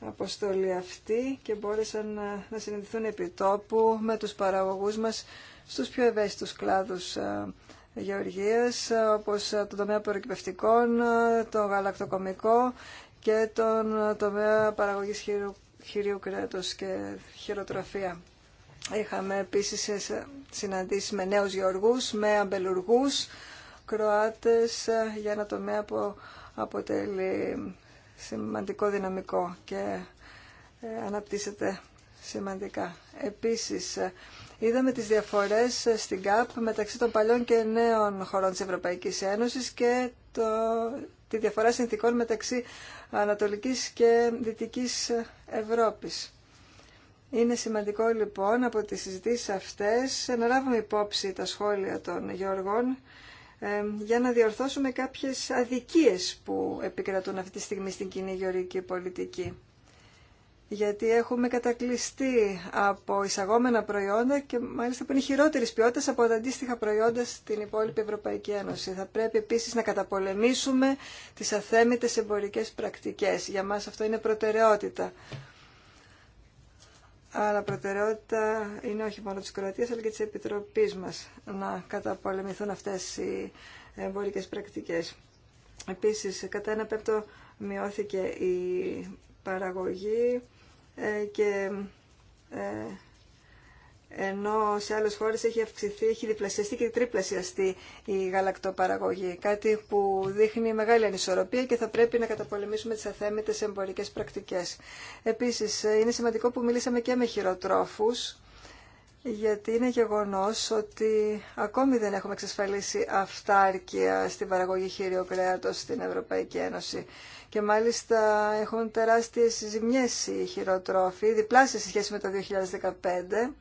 αποστολή αυτή και μπόρεσαν να συναντηθούν επί τόπου με τους παραγωγούς μας στους πιο ευαίσθητους κλάδους γεωργίας, όπως το τομέα προκυπευτικών, το γαλακτοκομικό και τον τομέα παραγωγής χειρίου, και χειροτροφία. Είχαμε επίσης συναντήσεις με νέους γεωργούς, με αμπελουργούς, Κροάτες ε, για ένα τομέα που αποτελεί σημαντικό δυναμικό και ε, αναπτύσσεται σημαντικά. Επίσης, ε, είδαμε τις διαφορές στην ΚΑΠ μεταξύ των παλιών και νέων χωρών της Ευρωπαϊκής Ένωσης και το, τη διαφορά συνθήκων μεταξύ Ανατολικής και Δυτικής Ευρώπης. Είναι σημαντικό λοιπόν από τις συζητήσεις αυτές να λάβουμε υπόψη τα σχόλια των Γεωργών ε, για να διορθώσουμε κάποιες αδικίες που επικρατούν αυτή τη στιγμή στην κοινή γεωργική πολιτική γιατί έχουμε κατακλειστεί από εισαγόμενα προϊόντα και μάλιστα που είναι χειρότερη ποιότητα από τα αντίστοιχα προϊόντα στην υπόλοιπη Ευρωπαϊκή Ένωση. Θα πρέπει επίση να καταπολεμήσουμε τι αθέμητε εμπορικέ πρακτικέ. Για μα αυτό είναι προτεραιότητα. Αλλά προτεραιότητα είναι όχι μόνο τη Κροατία αλλά και τη Επιτροπή μα να καταπολεμηθούν αυτέ οι εμπορικέ πρακτικέ. Επίση, κατά ένα πέπτο μειώθηκε η παραγωγή ε, και ε, ενώ σε άλλες χώρες έχει αυξηθεί, έχει διπλασιαστεί και τριπλασιαστεί η γαλακτοπαραγωγή. Κάτι που δείχνει μεγάλη ανισορροπία και θα πρέπει να καταπολεμήσουμε τις αθέμητες εμπορικές πρακτικές. Επίσης, ε, είναι σημαντικό που μιλήσαμε και με χειροτρόφους γιατί είναι γεγονός ότι ακόμη δεν έχουμε εξασφαλίσει αυτάρκεια στην παραγωγή χείριου κρέατος στην Ευρωπαϊκή Ένωση. Και μάλιστα έχουν τεράστιες ζημιές οι χειροτρόφοι, διπλάσιες σε σχέση με το 2015,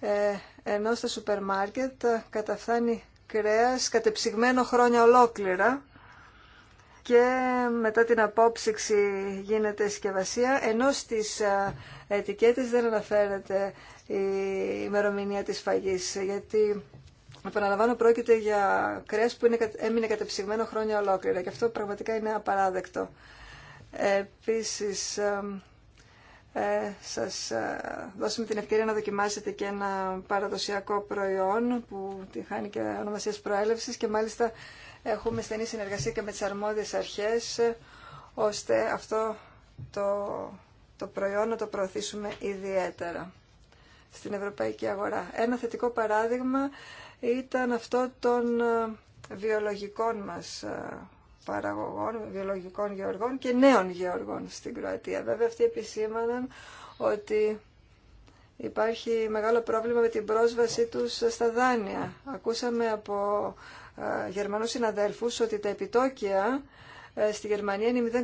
ε, ενώ στα σούπερ μάρκετ καταφθάνει κρέας κατεψυγμένο χρόνια ολόκληρα και μετά την απόψυξη γίνεται συσκευασία, ενώ στις ε, ετικέτες δεν αναφέρεται η ημερομηνία της φαγής, γιατί επαναλαμβάνω πρόκειται για κρέας που είναι, έμεινε κατεψυγμένο χρόνια ολόκληρα και αυτό πραγματικά είναι απαράδεκτο. Επίσης, ε, σας ε, δώσουμε την ευκαιρία να δοκιμάσετε και ένα παραδοσιακό προϊόν που τη χάνει και ονομασίας προέλευσης και μάλιστα έχουμε στενή συνεργασία και με τις αρμόδιες αρχές ώστε αυτό το, το προϊόν να το προωθήσουμε ιδιαίτερα στην ευρωπαϊκή αγορά. Ένα θετικό παράδειγμα ήταν αυτό των ε, βιολογικών μας ε, παραγωγών, βιολογικών γεωργών και νέων γεωργών στην Κροατία. Βέβαια αυτοί επισήμαναν ότι υπάρχει μεγάλο πρόβλημα με την πρόσβασή τους στα δάνεια. Ακούσαμε από ε, Γερμανούς συναδέλφους ότι τα επιτόκια στη Γερμανία είναι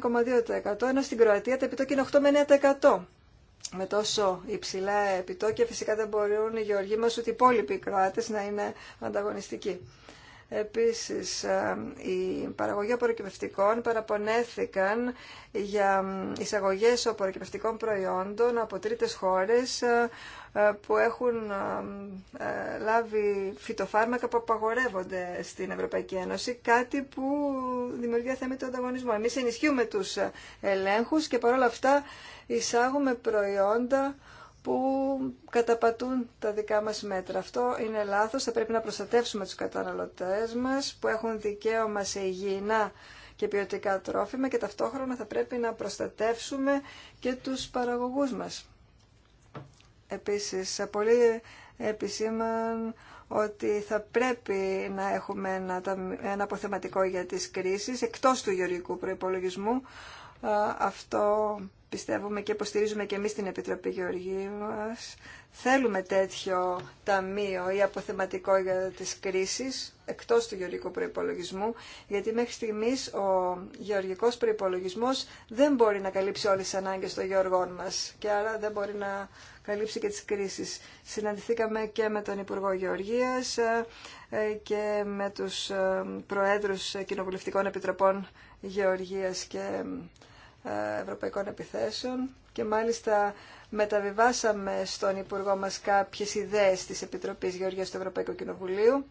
0,2%, ενώ στην Κροατία τα επιτόκια είναι 8 με 9% με τόσο υψηλά επιτόκια φυσικά δεν μπορούν οι γεωργοί μας ούτε οι υπόλοιποι Κροάτες να είναι ανταγωνιστικοί. Επίσης, ε, η παραγωγή απορροκυπευτικών παραπονέθηκαν για ε, εισαγωγές απορροκυπευτικών προϊόντων από τρίτες χώρες ε, ε, που έχουν ε, ε, λάβει φυτοφάρμακα που απαγορεύονται στην Ευρωπαϊκή Ένωση, κάτι που δημιουργεί θέμα του ανταγωνισμού. Εμείς ενισχύουμε τους ελέγχους και παρόλα αυτά εισάγουμε προϊόντα που καταπατούν τα δικά μας μέτρα. Αυτό είναι λάθος, θα πρέπει να προστατεύσουμε τους καταναλωτές μας που έχουν δικαίωμα σε υγιεινά και ποιοτικά τρόφιμα και ταυτόχρονα θα πρέπει να προστατεύσουμε και τους παραγωγούς μας. Επίσης, πολύ επισήμαν ότι θα πρέπει να έχουμε ένα, αποθεματικό για τις κρίσεις, εκτός του γεωργικού προϋπολογισμού. Αυτό πιστεύουμε και υποστηρίζουμε και εμείς την Επιτροπή Γεωργίου μας. Θέλουμε τέτοιο ταμείο ή αποθεματικό για τις κρίσεις, εκτός του γεωργικού προϋπολογισμού, γιατί μέχρι στιγμής ο γεωργικός προϋπολογισμός δεν μπορεί να καλύψει όλες τις ανάγκες των γεωργών μας και άρα δεν μπορεί να καλύψει και τις κρίσεις. Συναντηθήκαμε και με τον Υπουργό Γεωργίας ε, και με τους ε, Προέδρους Κοινοβουλευτικών Επιτροπών Γεωργίας και ε, Ευρωπαϊκών Επιθέσεων και μάλιστα μεταβιβάσαμε στον Υπουργό μας κάποιες ιδέες της Επιτροπής Γεωργίας του Ευρωπαϊκού Κοινοβουλίου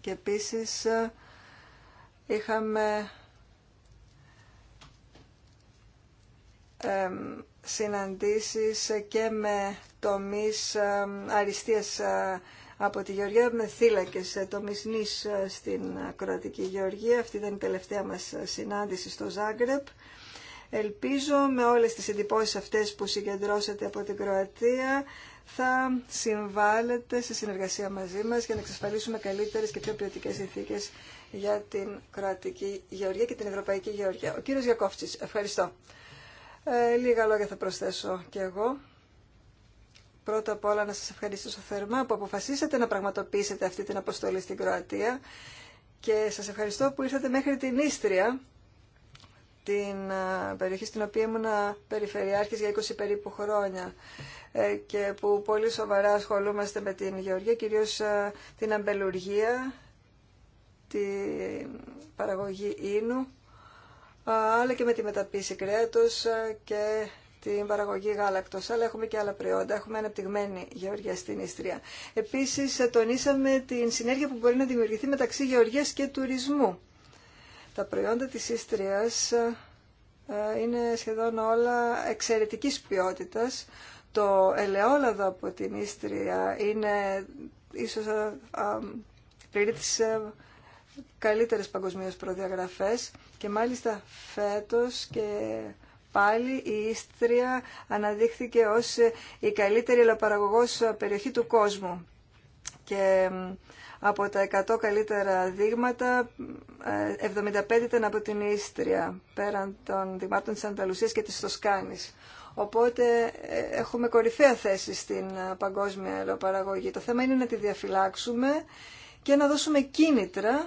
και επίσης είχαμε συναντήσεις και με τομείς ε, αριστείας ε, από τη Γεωργία, με θύλακες ε, τομείς νης στην Κροατική Γεωργία. Αυτή ήταν η τελευταία μας συνάντηση στο Ζάγκρεπ. Ελπίζω με όλες τις εντυπώσεις αυτές που συγκεντρώσατε από την Κροατία θα συμβάλλετε σε συνεργασία μαζί μας για να εξασφαλίσουμε καλύτερες και πιο ποιοτικέ συνθήκε για την Κροατική Γεωργία και την Ευρωπαϊκή Γεωργία. Ο κύριος Γιακόφτσης, ευχαριστώ. Ε, λίγα λόγια θα προσθέσω κι εγώ. Πρώτα απ' όλα να σας ευχαριστήσω θερμά που αποφασίσατε να πραγματοποιήσετε αυτή την αποστολή στην Κροατία και σας ευχαριστώ που ήρθατε μέχρι την Ίστρια, την ε, περιοχή στην οποία ήμουν περιφερειάρχης για 20 περίπου χρόνια ε, και που πολύ σοβαρά ασχολούμαστε με την γεωργία, κυρίως την αμπελουργία, την παραγωγή ίνου αλλά και με τη μεταποίηση κρέατος και την παραγωγή γάλακτος, αλλά έχουμε και άλλα προϊόντα, έχουμε αναπτυγμένη γεωργία στην Ιστρία. Επίσης, τονίσαμε την συνέργεια που μπορεί να δημιουργηθεί μεταξύ γεωργίας και τουρισμού. Τα προϊόντα της Ιστρίας ε, είναι σχεδόν όλα εξαιρετικής ποιότητας. Το ελαιόλαδο από την Ιστρία είναι ίσως ε, ε, πλήρη της καλύτερες παγκοσμίες προδιαγραφές και μάλιστα φέτος και πάλι η Ίστρια αναδείχθηκε ως η καλύτερη ελαιοπαραγωγός περιοχή του κόσμου. Και από τα 100 καλύτερα δείγματα, 75 ε, ήταν από την Ίστρια, πέραν των δειγμάτων της Ανταλουσίας και της Τοσκάνης. Οπότε ε, έχουμε κορυφαία θέση στην ε, παγκόσμια ελοπαραγωγή. Το θέμα είναι να τη διαφυλάξουμε και να δώσουμε κίνητρα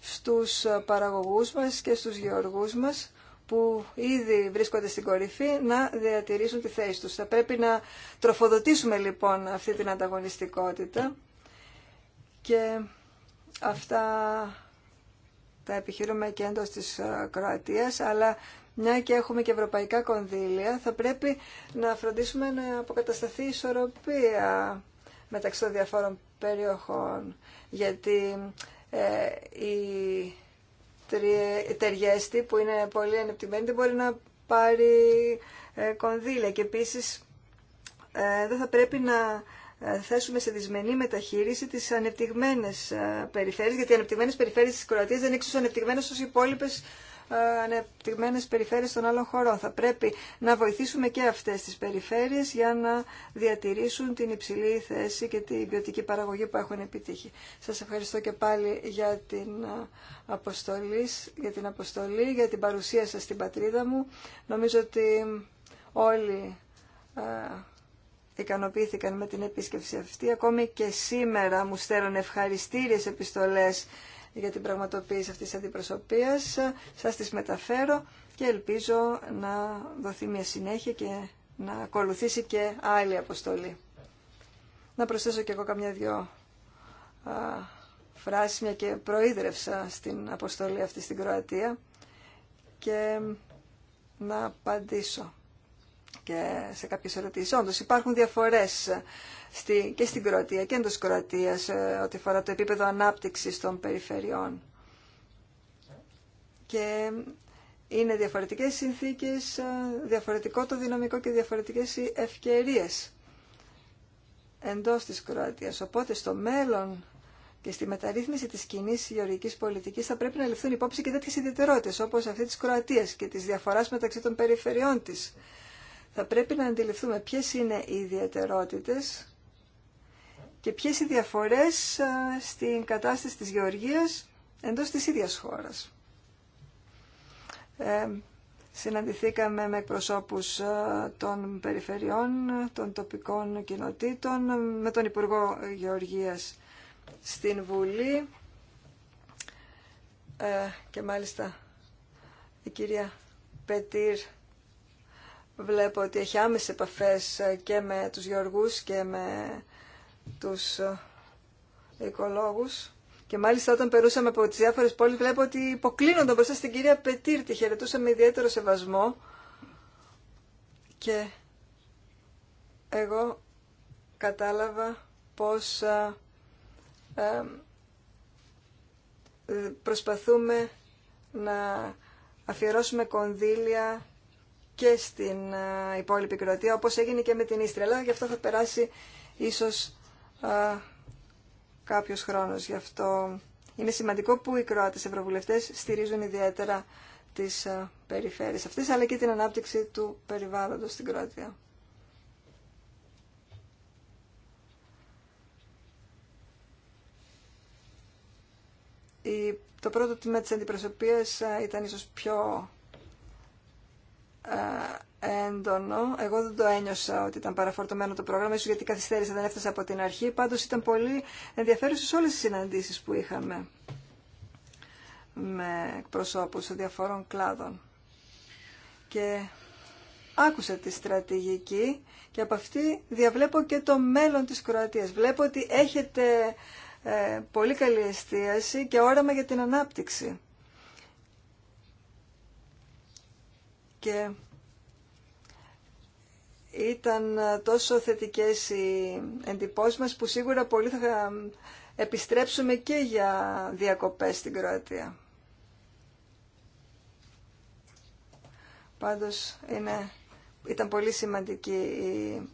στους παραγωγούς μας και στους γεωργούς μας που ήδη βρίσκονται στην κορυφή να διατηρήσουν τη θέση τους. Θα πρέπει να τροφοδοτήσουμε λοιπόν αυτή την ανταγωνιστικότητα και αυτά τα επιχειρούμε και εντός της ε, Κροατίας, αλλά μια και έχουμε και ευρωπαϊκά κονδύλια, θα πρέπει να φροντίσουμε να αποκατασταθεί η ισορροπία μεταξύ των διαφόρων περιοχών, γιατί η ε, Τεριέστη που είναι πολύ ανεπτυγμένη δεν μπορεί να πάρει ε, κονδύλια και επίσης ε, δεν θα πρέπει να θέσουμε σε δυσμενή μεταχείριση τις ανεπτυγμένες περιφέρειες γιατί οι ανεπτυγμένες περιφέρειες της Κροατίας δεν είναι εξίσου ανεπτυγμένες οι υπόλοιπες ανεπτυγμένες περιφέρειες των άλλων χωρών. Θα πρέπει να βοηθήσουμε και αυτές τις περιφέρειες για να διατηρήσουν την υψηλή θέση και την ποιοτική παραγωγή που έχουν επιτύχει. Σας ευχαριστώ και πάλι για την αποστολή, για την, αποστολή, για την παρουσία σας στην πατρίδα μου. Νομίζω ότι όλοι ε, ικανοποιήθηκαν με την επίσκεψη αυτή. Ακόμη και σήμερα μου στέλνουν ευχαριστήριες επιστολές για την πραγματοποίηση αυτής της αντιπροσωπείας. Σας τις μεταφέρω και ελπίζω να δοθεί μια συνέχεια και να ακολουθήσει και άλλη αποστολή. Να προσθέσω και εγώ καμιά δυο φράσεις, μια και προείδρευσα στην αποστολή αυτή στην Κροατία και να απαντήσω και σε κάποιες ερωτήσεις. Όντως υπάρχουν διαφορές στη, και στην Κροατία και εντός Κροατίας ε, ό,τι αφορά το επίπεδο ανάπτυξης των περιφερειών. Και είναι διαφορετικές συνθήκες, ε, διαφορετικό το δυναμικό και διαφορετικές οι ευκαιρίες εντός της Κροατίας. Οπότε στο μέλλον και στη μεταρρύθμιση της κοινή γεωργικής πολιτικής θα πρέπει να ληφθούν υπόψη και τέτοιες ιδιαιτερότητες όπως αυτή της Κροατίας και της διαφοράς μεταξύ των περιφερειών της θα πρέπει να αντιληφθούμε ποιες είναι οι ιδιαιτερότητες και ποιες οι διαφορές ε, στην κατάσταση της γεωργίας εντός της ίδιας χώρας. Ε, συναντηθήκαμε με εκπροσώπους ε, των περιφερειών, των τοπικών κοινοτήτων, με τον Υπουργό Γεωργίας στην Βουλή ε, και μάλιστα η κυρία Πετήρ βλέπω ότι έχει άμεσες επαφές ε, και με τους γεωργούς και με τους ε, οικολόγους. Και μάλιστα όταν περούσαμε από τις διάφορες πόλεις βλέπω ότι υποκλίνονταν μπροστά στην κυρία Πετήρ, τη χαιρετούσαμε ιδιαίτερο σεβασμό. Και εγώ κατάλαβα πως ε, προσπαθούμε να αφιερώσουμε κονδύλια και στην υπόλοιπη Κροατία, όπως έγινε και με την Ίστρια. Αλλά γι' αυτό θα περάσει ίσως α, κάποιος χρόνος. Γι' αυτό είναι σημαντικό που οι Κροάτες Ευρωβουλευτές στηρίζουν ιδιαίτερα τις περιφέρειες αυτές, αλλά και την ανάπτυξη του περιβάλλοντος στην Κροατία. το πρώτο τμήμα της αντιπροσωπείας ήταν ίσως πιο έντονο. Εγώ δεν το ένιωσα ότι ήταν παραφορτωμένο το πρόγραμμα, ίσως γιατί καθυστέρησα, δεν έφτασα από την αρχή. Πάντως ήταν πολύ ενδιαφέρουσε όλες τις συναντήσεις που είχαμε με προσώπους των διαφόρων κλάδων. Και άκουσα τη στρατηγική και από αυτή διαβλέπω και το μέλλον της Κροατίας. Βλέπω ότι έχετε ε, πολύ καλή εστίαση και όραμα για την ανάπτυξη. και ήταν τόσο θετικές οι εντυπώσεις μας που σίγουρα πολύ θα επιστρέψουμε και για διακοπές στην Κροατία. Πάντως είναι, ήταν πολύ σημαντική η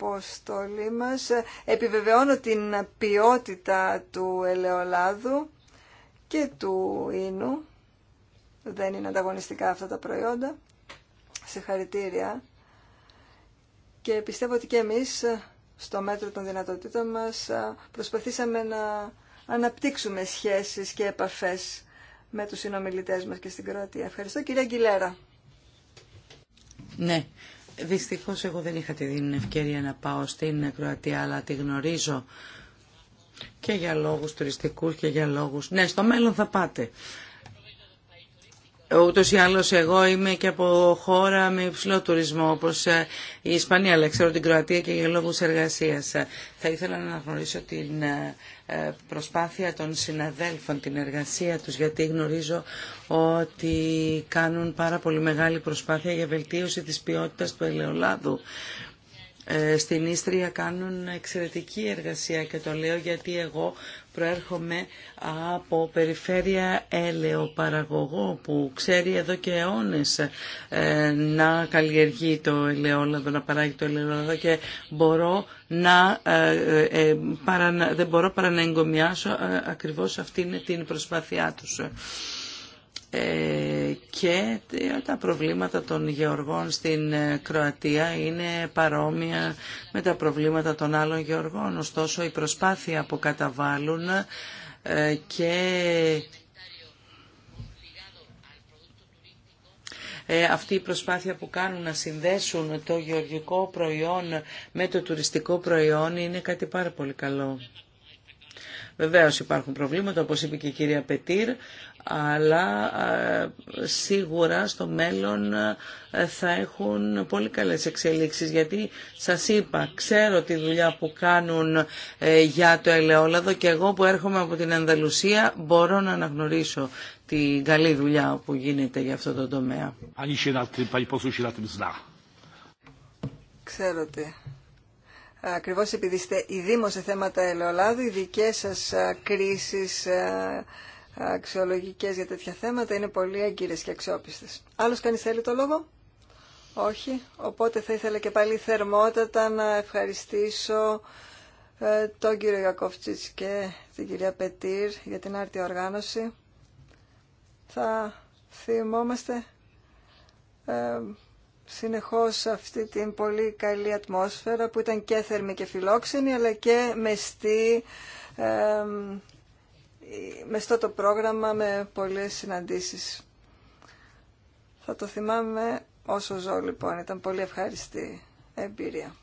αποστολή μας. Επιβεβαιώνω την ποιότητα του ελαιολάδου και του ίνου δεν είναι ανταγωνιστικά αυτά τα προϊόντα. Σε χαρητήρια. Και πιστεύω ότι και εμείς στο μέτρο των δυνατοτήτων μας προσπαθήσαμε να αναπτύξουμε σχέσεις και επαφές με τους συνομιλητές μας και στην Κροατία. Ευχαριστώ κυρία Γκιλέρα. Ναι, δυστυχώς εγώ δεν είχα την ευκαιρία να πάω στην Κροατία, αλλά τη γνωρίζω και για λόγους τουριστικούς και για λόγους... Ναι, στο μέλλον θα πάτε. Ούτως ή άλλως εγώ είμαι και από χώρα με υψηλό τουρισμό όπως ε, η Ισπανία, αλλά ξέρω την Κροατία και για λόγους εργασίας. Θα ήθελα να γνωρίσω την ε, ε, προσπάθεια των συναδέλφων, την εργασία τους, γιατί γνωρίζω ότι κάνουν πάρα πολύ μεγάλη προσπάθεια για βελτίωση της ποιότητας του ελαιολάδου στην Ίστρια κάνουν εξαιρετική εργασία και το λέω γιατί εγώ Προέρχομαι από περιφέρεια ελαιοπαραγωγό που ξέρει εδώ και αιώνες ε, να καλλιεργεί το ελαιόλαδο, να παράγει το ελαιόλαδο και μπορώ να, ε, ε, δεν μπορώ παρά να εγκομιάσω ακριβώς αυτήν την προσπάθειά τους. Ε, και τα προβλήματα των γεωργών στην ε, Κροατία είναι παρόμοια με τα προβλήματα των άλλων γεωργών. Ωστόσο, η προσπάθεια που καταβάλουν ε, και αυτή η προσπάθεια που κάνουν να συνδέσουν το γεωργικό προϊόν με το τουριστικό προϊόν είναι κάτι πάρα πολύ καλό. Βεβαίως υπάρχουν προβλήματα, όπως είπε και η κυρία Πετήρ, αλλά ε, σίγουρα στο μέλλον ε, θα έχουν πολύ καλές εξελίξεις γιατί σας είπα ξέρω τη δουλειά που κάνουν ε, για το ελαιόλαδο και εγώ που έρχομαι από την Ανδαλουσία μπορώ να αναγνωρίσω την καλή δουλειά που γίνεται για αυτό το τομέα. Ξέρω ότι ακριβώς επειδή είστε ειδήμος σε θέματα ελαιολάδου οι δικές σας κρίσεις αξιολογικές για τέτοια θέματα είναι πολύ έγκυρες και αξιόπιστες. Άλλος κανεί θέλει το λόγο? Όχι. Οπότε θα ήθελα και πάλι θερμότατα να ευχαριστήσω ε, τον κύριο Γιακόφτσιτς και την κυρία Πετήρ για την άρτια οργάνωση. Θα θυμόμαστε ε, συνεχώς αυτή την πολύ καλή ατμόσφαιρα που ήταν και θερμή και φιλόξενη αλλά και μεστή ε, αυτό το πρόγραμμα με πολλές συναντήσεις. Θα το θυμάμαι όσο ζω λοιπόν. Ήταν πολύ ευχάριστη εμπειρία.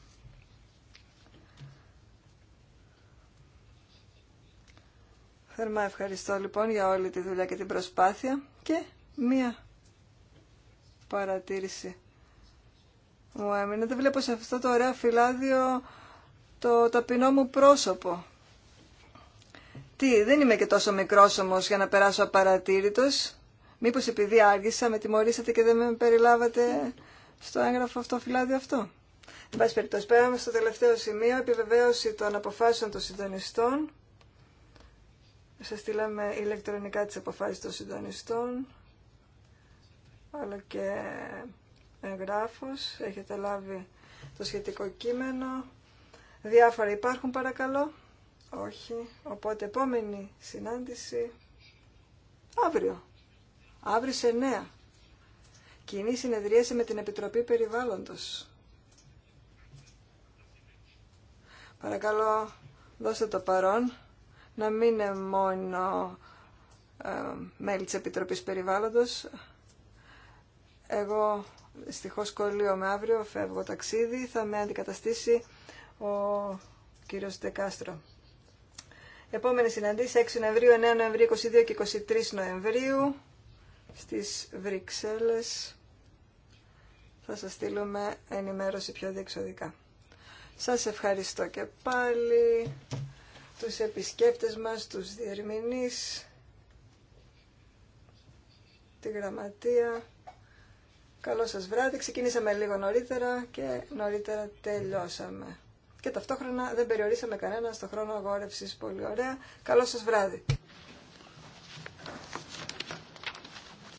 Θερμά ευχαριστώ λοιπόν για όλη τη δουλειά και την προσπάθεια και μία παρατήρηση μου έμεινε. Δεν βλέπω σε αυτό το ωραίο φυλάδιο το ταπεινό μου πρόσωπο. Τι, δεν είμαι και τόσο μικρό όμω για να περάσω απαρατήρητο. Μήπως επειδή άργησα, με τιμωρήσατε και δεν με περιλάβατε στο έγγραφο αυτό, φυλάδιο αυτό. Εν πάση περιπτώσει, πέραμε στο τελευταίο σημείο, επιβεβαίωση των αποφάσεων των συντονιστών. Σα στείλαμε ηλεκτρονικά τις αποφάσεις των συντονιστών, αλλά και εγγράφος. Έχετε λάβει το σχετικό κείμενο. Διάφορα υπάρχουν παρακαλώ. Όχι. Οπότε επόμενη συνάντηση αύριο. Αύριο σε 9. Κοινή συνεδρίαση με την Επιτροπή Περιβάλλοντος. Παρακαλώ δώστε το παρόν να μην είναι μόνο ε, μέλη της Επιτροπής Περιβάλλοντος. Εγώ δυστυχώ κολλείω με αύριο, φεύγω ταξίδι, θα με αντικαταστήσει ο κύριος Δεκάστρο. Επόμενη συναντήση 6 Νοεμβρίου, 9 Νοεμβρίου, 22 και 23 Νοεμβρίου στις Βρυξέλλες. Θα σας στείλουμε ενημέρωση πιο διεξοδικά. Σας ευχαριστώ και πάλι τους επισκέπτες μας, τους διερμηνείς, τη γραμματεία. Καλό σας βράδυ. Ξεκινήσαμε λίγο νωρίτερα και νωρίτερα τελειώσαμε και ταυτόχρονα δεν περιορίσαμε κανένα στο χρόνο αγόρευσης. Πολύ ωραία. Καλό σας βράδυ.